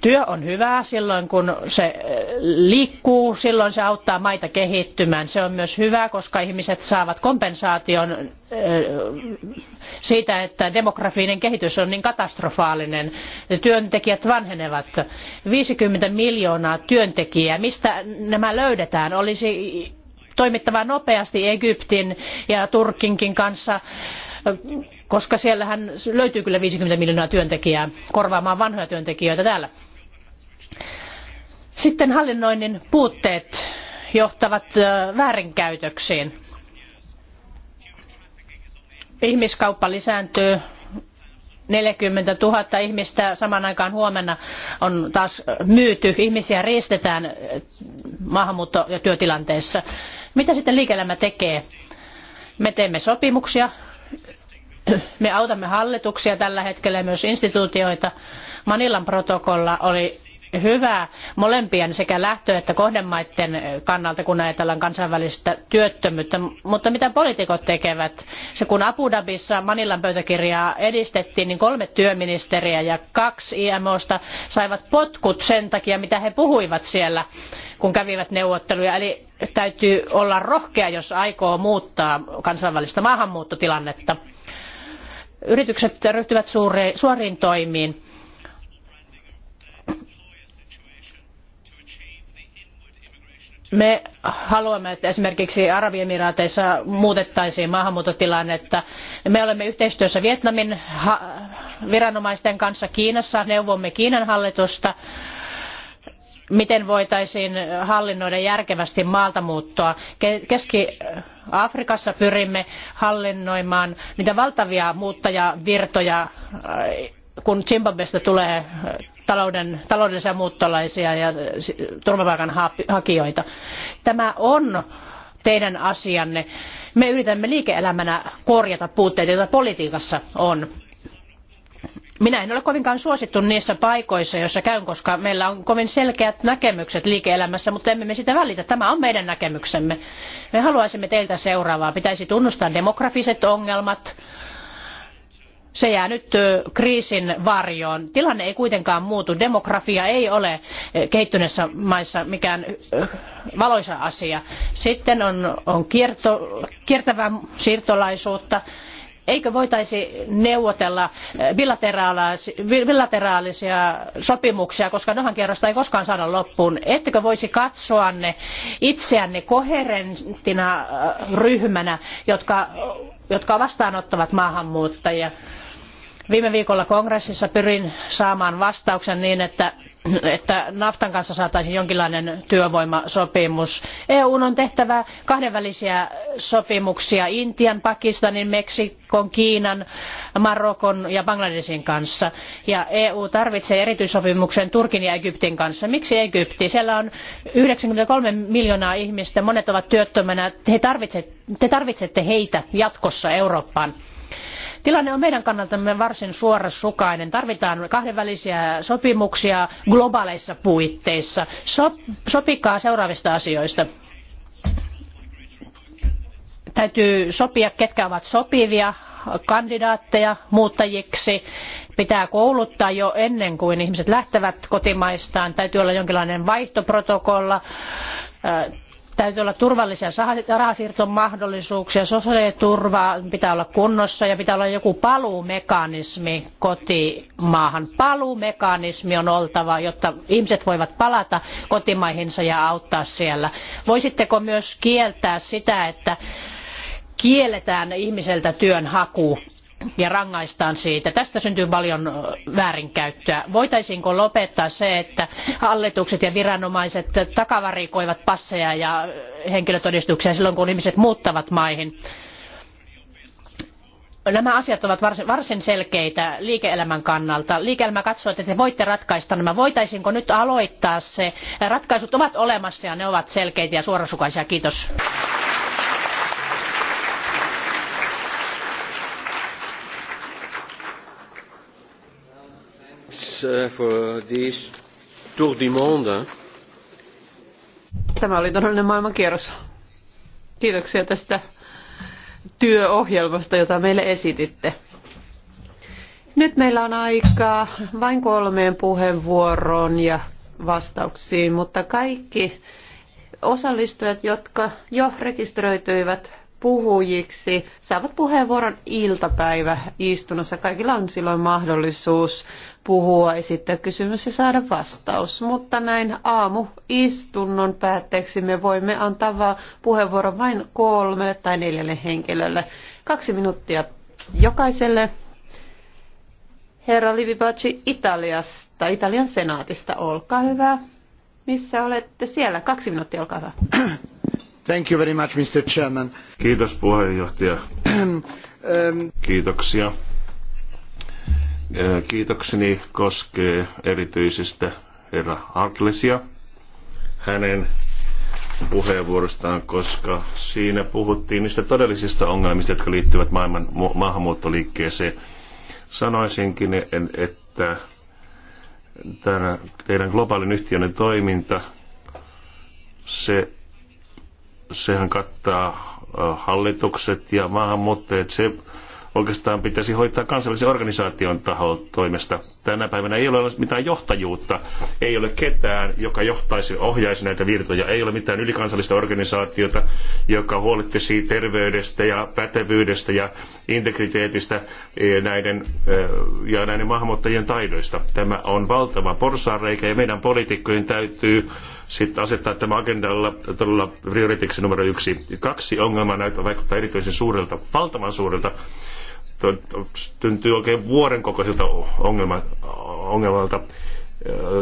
S3: Työ on hyvää silloin, kun se eh, liikkuu, silloin se auttaa maita kehittymään. Se on myös hyvää, koska ihmiset saavat kompensaation eh, siitä, että demografinen kehitys on niin katastrofaalinen. Työntekijät vanhenevat. 50 miljoonaa työntekijää, mistä nämä löydetään? Olisi toimittava nopeasti Egyptin ja Turkinkin kanssa koska siellähän löytyy kyllä 50 miljoonaa työntekijää korvaamaan vanhoja työntekijöitä täällä. Sitten hallinnoinnin puutteet johtavat väärinkäytöksiin. Ihmiskauppa lisääntyy. 40 000 ihmistä saman aikaan huomenna on taas myyty. Ihmisiä riistetään maahanmuutto- ja työtilanteissa. Mitä sitten liike-elämä tekee? Me teemme sopimuksia me autamme hallituksia tällä hetkellä ja myös instituutioita. Manilan protokolla oli hyvä molempien sekä lähtö- että kohdemaiden kannalta, kun ajatellaan kansainvälistä työttömyyttä. Mutta mitä poliitikot tekevät? Se kun Abu Dhabissa Manilan pöytäkirjaa edistettiin, niin kolme työministeriä ja kaksi IMOsta saivat potkut sen takia, mitä he puhuivat siellä, kun kävivät neuvotteluja. Eli täytyy olla rohkea, jos aikoo muuttaa kansainvälistä maahanmuuttotilannetta yritykset ryhtyvät suoriin toimiin. Me haluamme, että esimerkiksi Arabiemiraateissa muutettaisiin maahanmuuttotilannetta. Me olemme yhteistyössä Vietnamin viranomaisten kanssa Kiinassa, neuvomme Kiinan hallitusta miten voitaisiin hallinnoida järkevästi maaltamuuttoa. Keski-Afrikassa pyrimme hallinnoimaan niitä valtavia muuttajavirtoja, äh, kun Zimbabwesta tulee äh, talouden, taloudellisia muuttolaisia ja turvapaikan hakijoita. Tämä on teidän asianne. Me yritämme liike-elämänä korjata puutteita, joita politiikassa on. Minä en ole kovinkaan suosittu niissä paikoissa, joissa käyn, koska meillä on kovin selkeät näkemykset liike-elämässä, mutta emme me sitä välitä. Tämä on meidän näkemyksemme. Me haluaisimme teiltä seuraavaa. Pitäisi tunnustaa demografiset ongelmat. Se jää nyt kriisin varjoon. Tilanne ei kuitenkaan muutu. Demografia ei ole kehittyneissä maissa mikään valoisa asia. Sitten on, on kierto, kiertävää siirtolaisuutta Eikö voitaisi neuvotella eh, bilateraalisia sopimuksia, koska kierrosta ei koskaan saada loppuun. Ettekö voisi katsoa ne itseänne koherenttina eh, ryhmänä, jotka, jotka vastaanottavat maahanmuuttajia? Viime viikolla kongressissa pyrin saamaan vastauksen niin, että että naftan kanssa saataisiin jonkinlainen työvoimasopimus. E n on tehtävä kahdenvälisiä sopimuksia Intian, Pakistanin, Meksikon, Kiinan, Marokon ja Bangladesin kanssa. Ja EU tarvitsee erityissopimuksen Turkin ja Egyptin kanssa. Miksi Egypti? Siellä on 93 miljoonaa ihmistä, monet ovat työttömänä. He tarvitset, te tarvitsette heitä jatkossa Eurooppaan. Tilanne on meidän kannaltamme varsin suorasukainen. Tarvitaan kahdenvälisiä sopimuksia globaaleissa puitteissa. sopikaa seuraavista asioista täytyy sopia, ketkä ovat sopivia kandidaatteja muuttajiksi. Pitää kouluttaa jo ennen kuin ihmiset lähtevät kotimaistaan. Täytyy olla jonkinlainen vaihtoprotokolla. Täytyy olla turvallisia rahasiirtomahdollisuuksia, sosiaaliturva pitää olla kunnossa ja pitää olla joku paluumekanismi kotimaahan. Paluumekanismi on oltava, jotta ihmiset voivat palata kotimaihinsa ja auttaa siellä. Voisitteko myös kieltää sitä, että kielletään ihmiseltä työnhaku? ja rangaistaan siitä. Tästä syntyy paljon väärinkäyttöä. Voitaisiinko lopettaa se, että hallitukset ja viranomaiset takavarikoivat passeja ja henkilötodistuksia silloin, kun ihmiset muuttavat maihin? Nämä asiat ovat varsin, selkeitä liike-elämän kannalta. Liike-elämä katsoo, että te voitte ratkaista nämä. Voitaisiinko nyt aloittaa se? Ratkaisut ovat olemassa ja ne ovat selkeitä ja suorasukaisia. Kiitos.
S2: Uh,
S1: Tämä oli todellinen maailmankierros. Kiitoksia tästä työohjelmasta, jota meille esititte. Nyt meillä on aikaa vain kolmeen puheenvuoroon ja vastauksiin, mutta kaikki osallistujat, jotka jo rekisteröityivät puhujiksi saavat puheenvuoron iltapäivä istunnossa. Kaikilla on silloin mahdollisuus puhua, esittää kysymys ja saada vastaus. Mutta näin aamuistunnon päätteeksi me voimme antaa vaan puheenvuoron vain kolmelle tai neljälle henkilölle. Kaksi minuuttia jokaiselle. Herra Livibacci Italiasta, Italian senaatista, olkaa hyvä. Missä olette siellä? Kaksi minuuttia, olkaa hyvä.
S2: Kiitos puheenjohtaja. Kiitoksia. Kiitokseni koskee erityisesti herra Hartlesia hänen puheenvuorostaan, koska siinä puhuttiin niistä todellisista ongelmista, jotka liittyvät maailman maahanmuuttoliikkeeseen. Sanoisinkin, että teidän globaalin yhtiönne toiminta, se sehän kattaa hallitukset ja maahanmuuttajat. Se oikeastaan pitäisi hoitaa kansallisen organisaation taho toimesta. Tänä päivänä ei ole mitään johtajuutta, ei ole ketään, joka johtaisi, ohjaisi näitä virtoja, ei ole mitään ylikansallista organisaatiota, joka huolehtisi terveydestä ja pätevyydestä ja integriteetistä e, näiden, e, ja näiden maahanmuuttajien taidoista. Tämä on valtava porsaanreikä ja meidän poliitikkojen täytyy sitten asettaa tämä agendalla todella prioriteeksi numero yksi. Kaksi ongelmaa näyttää vaikuttaa erityisen suurelta, valtavan suurelta. Tuntuu oikein vuoren kokoiselta ongelma, ongelmalta.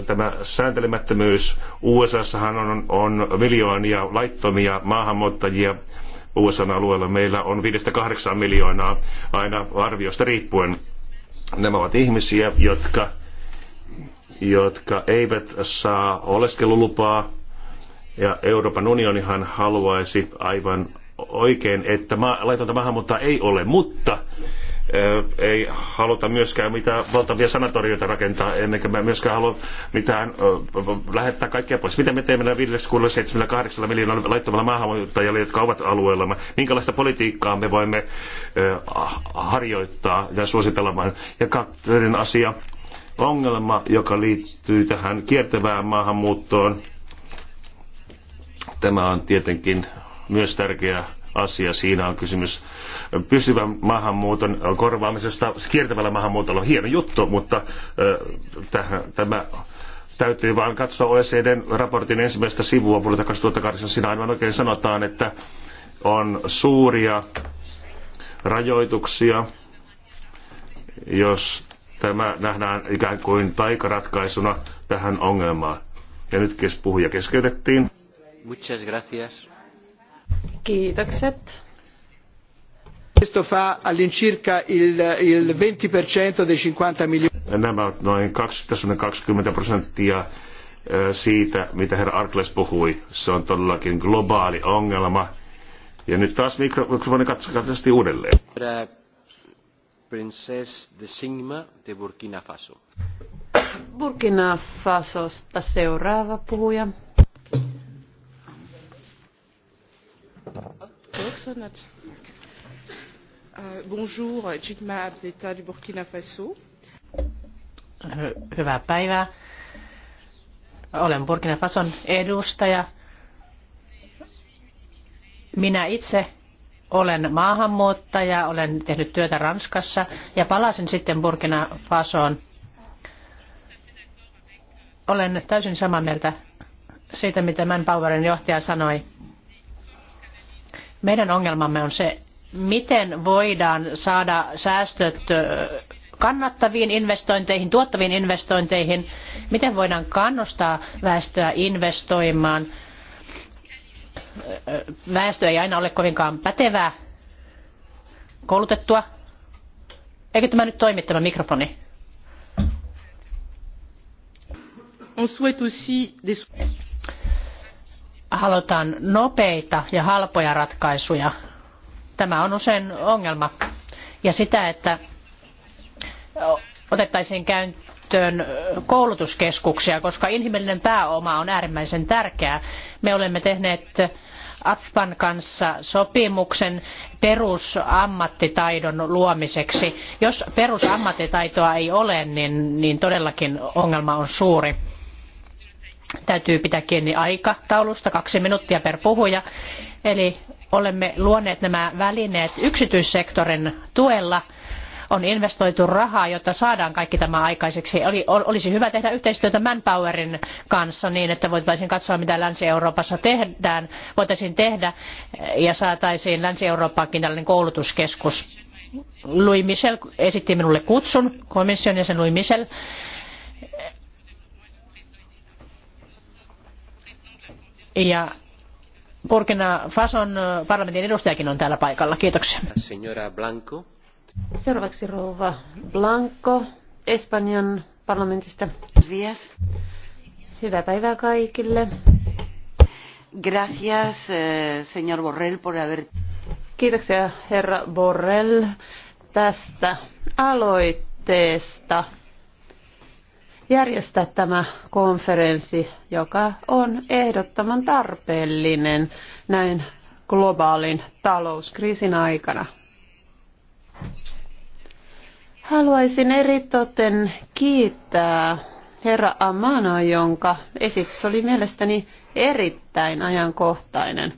S2: Tämä sääntelemättömyys. USAssahan on, on miljoonia laittomia maahanmuuttajia. USA-alueella meillä on 5-8 miljoonaa aina arviosta riippuen. Nämä ovat ihmisiä, jotka jotka eivät saa oleskelulupaa. Ja Euroopan unionihan haluaisi aivan oikein, että ma- laitonta maahanmuuttoa ei ole, mutta ei haluta myöskään mitään valtavia sanatorioita rakentaa, emmekä myöskään halua mitään lähettää kaikkia pois. Mitä me teemme näillä 568 miljoonalla laittomalla maahanmuuttajalla, jotka ovat alueellamme? Minkälaista politiikkaa me voimme harjoittaa ja suositellaan? Ja kaksi asia, ongelma, joka liittyy tähän kiertävään maahanmuuttoon. Tämä on tietenkin myös tärkeä asia. Siinä on kysymys pysyvän maahanmuuton korvaamisesta. Kiertävällä maahanmuutolla on hieno juttu, mutta äh, tämä täytyy vain katsoa OECDn raportin ensimmäistä sivua vuodelta 2008. Siinä aivan oikein sanotaan, että on suuria rajoituksia, jos Tämä nähdään ikään kuin taikaratkaisuna tähän ongelmaan. Ja nyt kes puhuja keskeytettiin.
S3: Muchas gracias.
S1: Kiitokset.
S2: Questo fa all'incirca il, il 20% dei 50 milioni. Nämä ovat noin 20, prosenttia eh, siitä, mitä herra Arkles puhui. Se on todellakin globaali ongelma. Ja nyt taas mikrofoni katsotaan uudelleen. Princess de de Burkina Faso.
S1: Burkina Fasosta seuraava puhuja.
S2: Euh, bonjour,
S3: Jitma Abzeta du Burkina Faso. Hyvää päivää. Olen Burkina Fason edustaja. Minä itse olen maahanmuuttaja, olen tehnyt työtä Ranskassa ja palasin sitten Burkina Fasoon. Olen täysin samaa mieltä siitä, mitä Manpowerin johtaja sanoi. Meidän ongelmamme on se, miten voidaan saada säästöt kannattaviin investointeihin, tuottaviin investointeihin, miten voidaan kannustaa väestöä investoimaan – väestö ei aina ole kovinkaan pätevää, koulutettua. Eikö tämä nyt toimi tämä mikrofoni? On souhaite aussi des... Halutaan nopeita ja halpoja ratkaisuja. Tämä on usein ongelma. Ja sitä, että otettaisiin käyttöön koulutuskeskuksia, koska inhimillinen pääoma on äärimmäisen tärkeää. Me olemme tehneet AFPAN kanssa sopimuksen perusammattitaidon luomiseksi. Jos perusammattitaitoa ei ole, niin, niin todellakin ongelma on suuri. Täytyy pitää kiinni aikataulusta, kaksi minuuttia per puhuja. Eli olemme luoneet nämä välineet yksityissektorin tuella on investoitu rahaa, jotta saadaan kaikki tämä aikaiseksi. Oli, olisi hyvä tehdä yhteistyötä Manpowerin kanssa niin, että voitaisiin katsoa, mitä Länsi-Euroopassa tehdään, voitaisiin tehdä eh, ja saataisiin Länsi-Eurooppaankin tällainen koulutuskeskus. Louis Michel esitti minulle kutsun, komission jäsen Louis Michel, ja Burkina Fason eh, parlamentin edustajakin on täällä paikalla. Kiitoksia.
S1: Blanco. Seuraavaksi rouva Blanco Espanjan parlamentista. Días. Hyvää päivää kaikille. Gracias, eh, señor Borrell, por haber... Kiitoksia, herra Borrell, tästä aloitteesta järjestää tämä konferenssi, joka on ehdottoman tarpeellinen näin globaalin talouskriisin aikana. Haluaisin eritoten kiittää herra Amana, jonka esitys oli mielestäni erittäin ajankohtainen.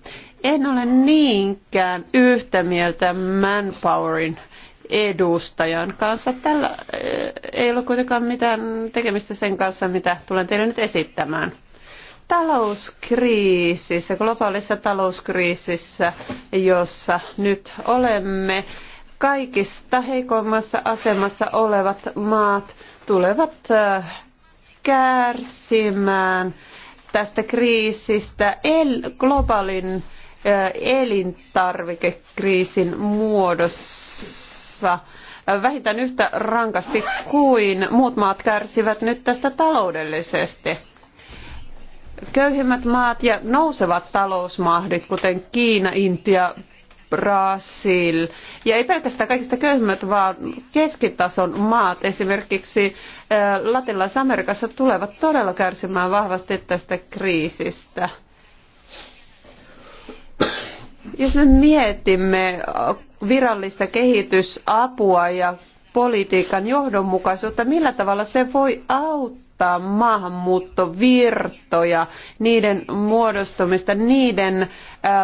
S1: En ole niinkään yhtä mieltä Manpowerin edustajan kanssa. Tällä eh, ei ole kuitenkaan mitään tekemistä sen kanssa, mitä tulen teille nyt esittämään. Talouskriisissä, globaalissa talouskriisissä, jossa nyt olemme, kaikista heikoimmassa asemassa olevat maat tulevat äh, kärsimään tästä kriisistä el- globaalin äh, elintarvikekriisin muodossa vähintään yhtä rankasti kuin muut maat kärsivät nyt tästä taloudellisesti. Köyhimmät maat ja nousevat talousmahdit, kuten Kiina, Intia, Brasil. Ja ei pelkästään kaikista köyhimmät, vaan keskitason maat, esimerkiksi Latinalaisessa Amerikassa, tulevat todella kärsimään vahvasti tästä kriisistä. Jos me mietimme virallista kehitysapua ja politiikan johdonmukaisuutta, millä tavalla se voi auttaa rajoittaa maahanmuuttovirtoja, niiden muodostumista, niiden äh,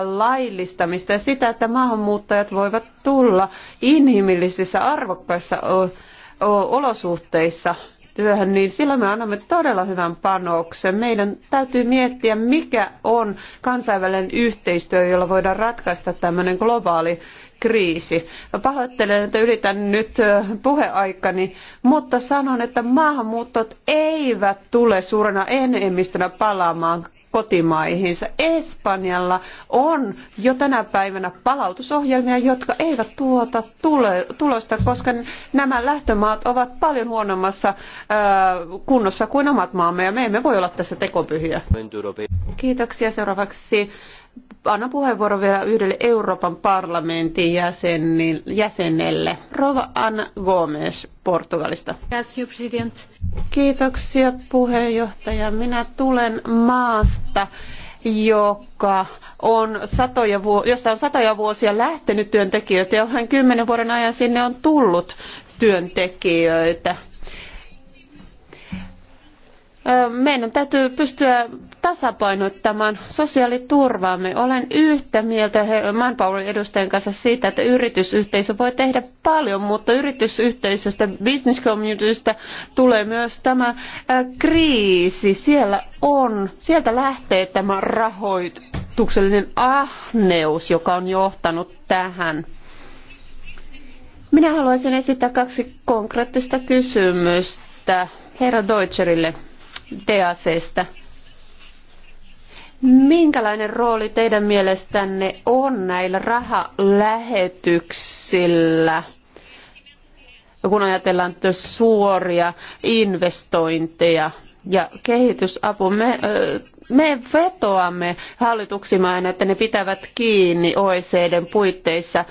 S1: laillistamista ja sitä, että maahanmuuttajat voivat tulla inhimillisissä arvokkaissa olosuhteissa työhön, niin silloin me annamme todella hyvän panoksen. Meidän täytyy miettiä, mikä on kansainvälinen yhteistyö, jolla voidaan ratkaista tämmöinen globaali kriisi. Pahoittelen, että ylitän nyt puheaikani, mutta sanon, että maahanmuutot eivät tule suurena enemmistönä palaamaan kotimaihinsa. Espanjalla on jo tänä päivänä palautusohjelmia, jotka eivät tuota tule, tulosta, koska nämä lähtömaat ovat paljon huonommassa äh, kunnossa kuin omat maamme ja me emme voi olla tässä tekopyhiä. Kiitoksia. Seuraavaksi annan puheenvuoron vielä yhdelle Euroopan parlamentin jäsenelle. Rova Anna Gomes Portugalista. Kiitoksia puheenjohtaja. Minä tulen maasta, joka on satoja josta on satoja vuosia lähtenyt työntekijöitä ja hän kymmenen vuoden ajan sinne on tullut työntekijöitä meidän täytyy pystyä tasapainottamaan sosiaaliturvaamme. Olen yhtä mieltä Manpowerin edustajan kanssa siitä, että yritysyhteisö voi tehdä paljon, mutta yritysyhteisöstä, business communitystä tulee myös tämä kriisi. Siellä on, sieltä lähtee tämä rahoituksellinen ahneus, joka on johtanut tähän. Minä haluaisin esittää kaksi konkreettista kysymystä herra Deutscherille. TACstä. Minkälainen rooli teidän mielestänne on näillä rahalähetyksillä, kun ajatellaan suoria investointeja ja kehitysapu? Me, äh, me vetoamme hallituksimaan, että ne pitävät kiinni OECDn puitteissa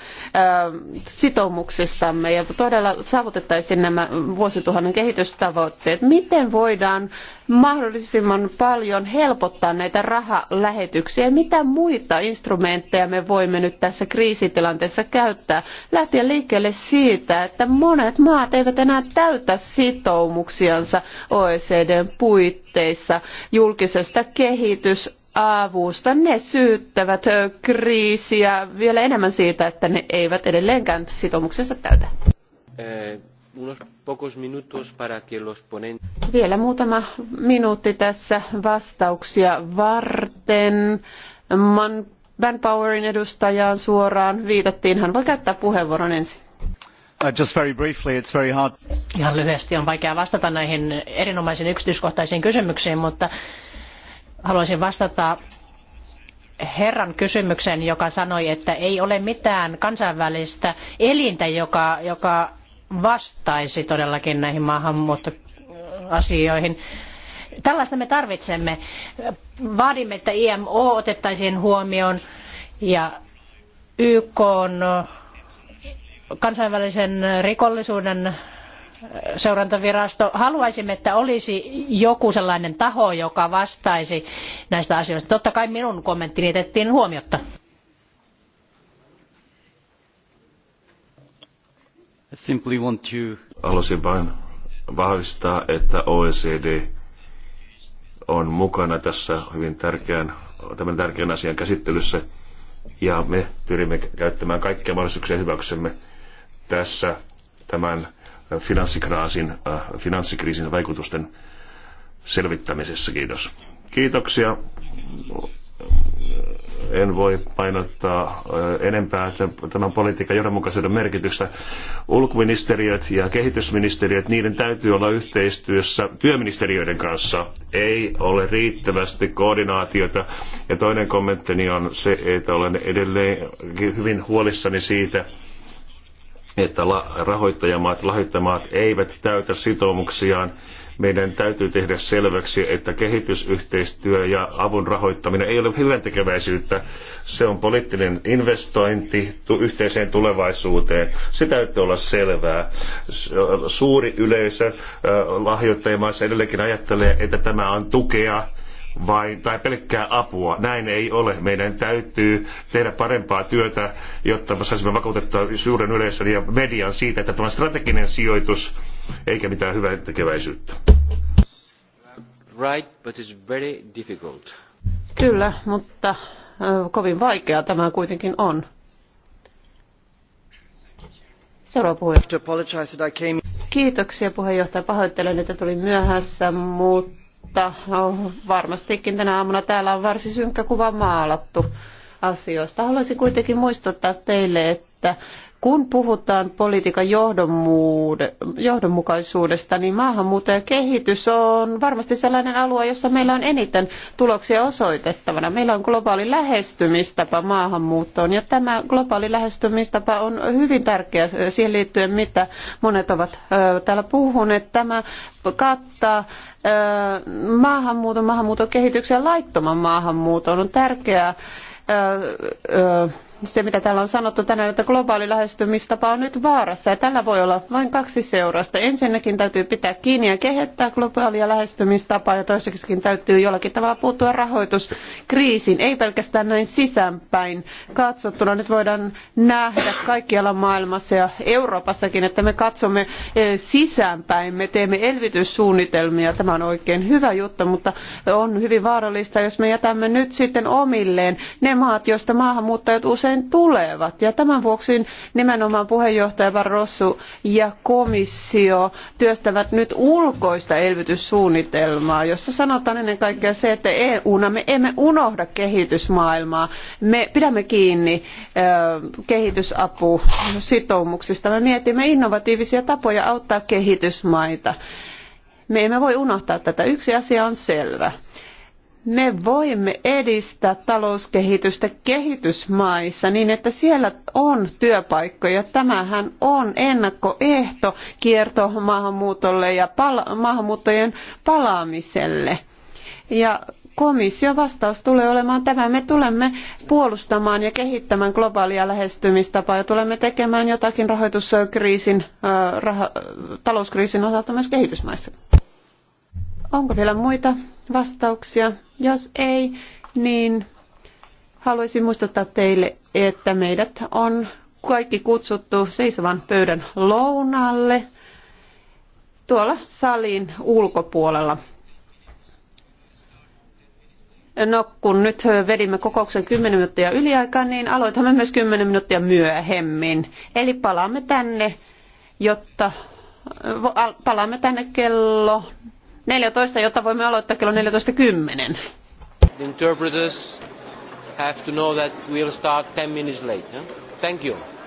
S1: sitoumuksistamme ja todella saavutettaisiin nämä vuosituhannen kehitystavoitteet. Miten voidaan mahdollisimman paljon helpottaa näitä rahalähetyksiä? Mitä muita instrumentteja me voimme nyt tässä kriisitilanteessa käyttää? Lähtien liikkeelle siitä, että monet maat eivät enää täytä sitoumuksiansa OECDn puitteissa julkisesta ke kehitysavusta. Ne syyttävät kriisiä vielä enemmän siitä, että ne eivät edelleenkään sitoumuksensa täytä. Eh, vielä muutama minuutti tässä vastauksia varten. Man Manpowerin
S3: edustajaan suoraan viitattiin. Hän voi käyttää puheenvuoron ensin. Uh, just very briefly, it's very hard. Ihan lyhyesti on vaikea vastata näihin erinomaisiin yksityiskohtaisiin kysymyksiin, mutta haluaisin vastata herran kysymykseen, joka sanoi, että ei ole mitään kansainvälistä elintä, joka, joka vastaisi todellakin näihin maahanmuuttoasioihin. Tällaista me tarvitsemme. Vaadimme, että IMO otettaisiin huomioon ja YK on kansainvälisen rikollisuuden seurantavirasto. Haluaisimme, että olisi joku sellainen taho, joka vastaisi näistä asioista. Totta kai minun kommenttini jätettiin huomiotta. Haluaisin
S2: Halusin vain vahvistaa, että OECD on mukana tässä hyvin tärkeän, tämän tärkeän asian käsittelyssä ja me pyrimme käyttämään kaikkia mahdollisuuksia hyväksemme tässä tämän Äh, finanssikriisin, äh, finanssikriisin vaikutusten selvittämisessä. Kiitos. Kiitoksia. En voi painottaa äh, enempää tämän politiikan johdonmukaisuuden merkitystä. Ulkoministeriöt ja kehitysministeriöt, niiden täytyy olla yhteistyössä työministeriöiden kanssa. Ei ole riittävästi koordinaatiota. Ja toinen kommenttini on se, että olen edelleen hyvin huolissani siitä, että rahoittajamaat, lahjoittajamaat eivät täytä sitoumuksiaan. Meidän täytyy tehdä selväksi, että kehitysyhteistyö ja avun rahoittaminen ei ole hyvän tekeväisyyttä. Se on poliittinen investointi yhteiseen tulevaisuuteen. Se täytyy olla selvää. Suuri yleisö äh, lahjoittajamaissa edelleenkin ajattelee, että tämä on tukea vain tai pelkkää apua. Näin ei ole. Meidän täytyy tehdä parempaa työtä, jotta saisimme vakuutettua suuren yleisön ja median siitä, että tämä on strateginen sijoitus eikä mitään hyvää tekeväisyyttä. Right, but it's very difficult.
S1: Kyllä, mutta kovin vaikea tämä kuitenkin on. Seuraava puheenjohtaja. Kiitoksia puheenjohtaja. Pahoittelen, että tulin myöhässä, mutta mutta no, varmastikin tänä aamuna täällä on varsin synkkä kuva maalattu asioista. Haluaisin kuitenkin muistuttaa teille, että kun puhutaan politiikan johdonmukaisuudesta, niin maahanmuuttajakehitys kehitys on varmasti sellainen alue, jossa meillä on eniten tuloksia osoitettavana. Meillä on globaali lähestymistapa maahanmuuttoon ja tämä globaali lähestymistapa on hyvin tärkeä siihen liittyen, mitä monet ovat täällä puhuneet. Tämä kattaa maahanmuuton, maahanmuuton kehityksen ja laittoman maahanmuuton on tärkeää se, mitä täällä on sanottu tänään, että globaali lähestymistapa on nyt vaarassa ja tällä voi olla vain kaksi seurasta. Ensinnäkin täytyy pitää kiinni ja kehittää globaalia lähestymistapaa ja toiseksikin täytyy jollakin tavalla puuttua rahoituskriisiin, ei pelkästään näin sisäänpäin katsottuna. Nyt voidaan nähdä kaikkialla maailmassa ja Euroopassakin, että me katsomme eh, sisäänpäin, me teemme elvytyssuunnitelmia, tämä on oikein hyvä juttu, mutta on hyvin vaarallista, jos me jätämme nyt sitten omilleen ne maat, joista maahanmuuttajat usein usein tulevat. Ja tämän vuoksi nimenomaan puheenjohtaja Barroso ja komissio työstävät nyt ulkoista elvytyssuunnitelmaa, jossa sanotaan ennen kaikkea se, että EU-na me emme unohda kehitysmaailmaa. Me pidämme kiinni kehitysapusitoumuksista. Me mietimme innovatiivisia tapoja auttaa kehitysmaita. Me emme voi unohtaa tätä. Yksi asia on selvä me voimme edistää talouskehitystä kehitysmaissa niin, että siellä on työpaikkoja. Tämähän on ennakkoehto kiertomaahanmuutolle ja pala- maahanmuuttojen palaamiselle. Ja komission vastaus tulee olemaan tämä. Me tulemme puolustamaan ja kehittämään globaalia lähestymistapaa ja tulemme tekemään jotakin rahoituskriisin, talouskriisin osalta myös kehitysmaissa. Onko vielä muita vastauksia? Jos ei, niin haluaisin muistuttaa teille, että meidät on kaikki kutsuttu seisovan pöydän lounalle tuolla salin ulkopuolella. No, kun nyt vedimme kokouksen 10 minuuttia yliaikaa, niin aloitamme myös 10 minuuttia myöhemmin. Eli palaamme tänne, jotta palaamme tänne kello neljätoista jotta voimme aloittaa kello 14.10. The interpreters have to know that we will start
S2: ten minutes late. Thank you.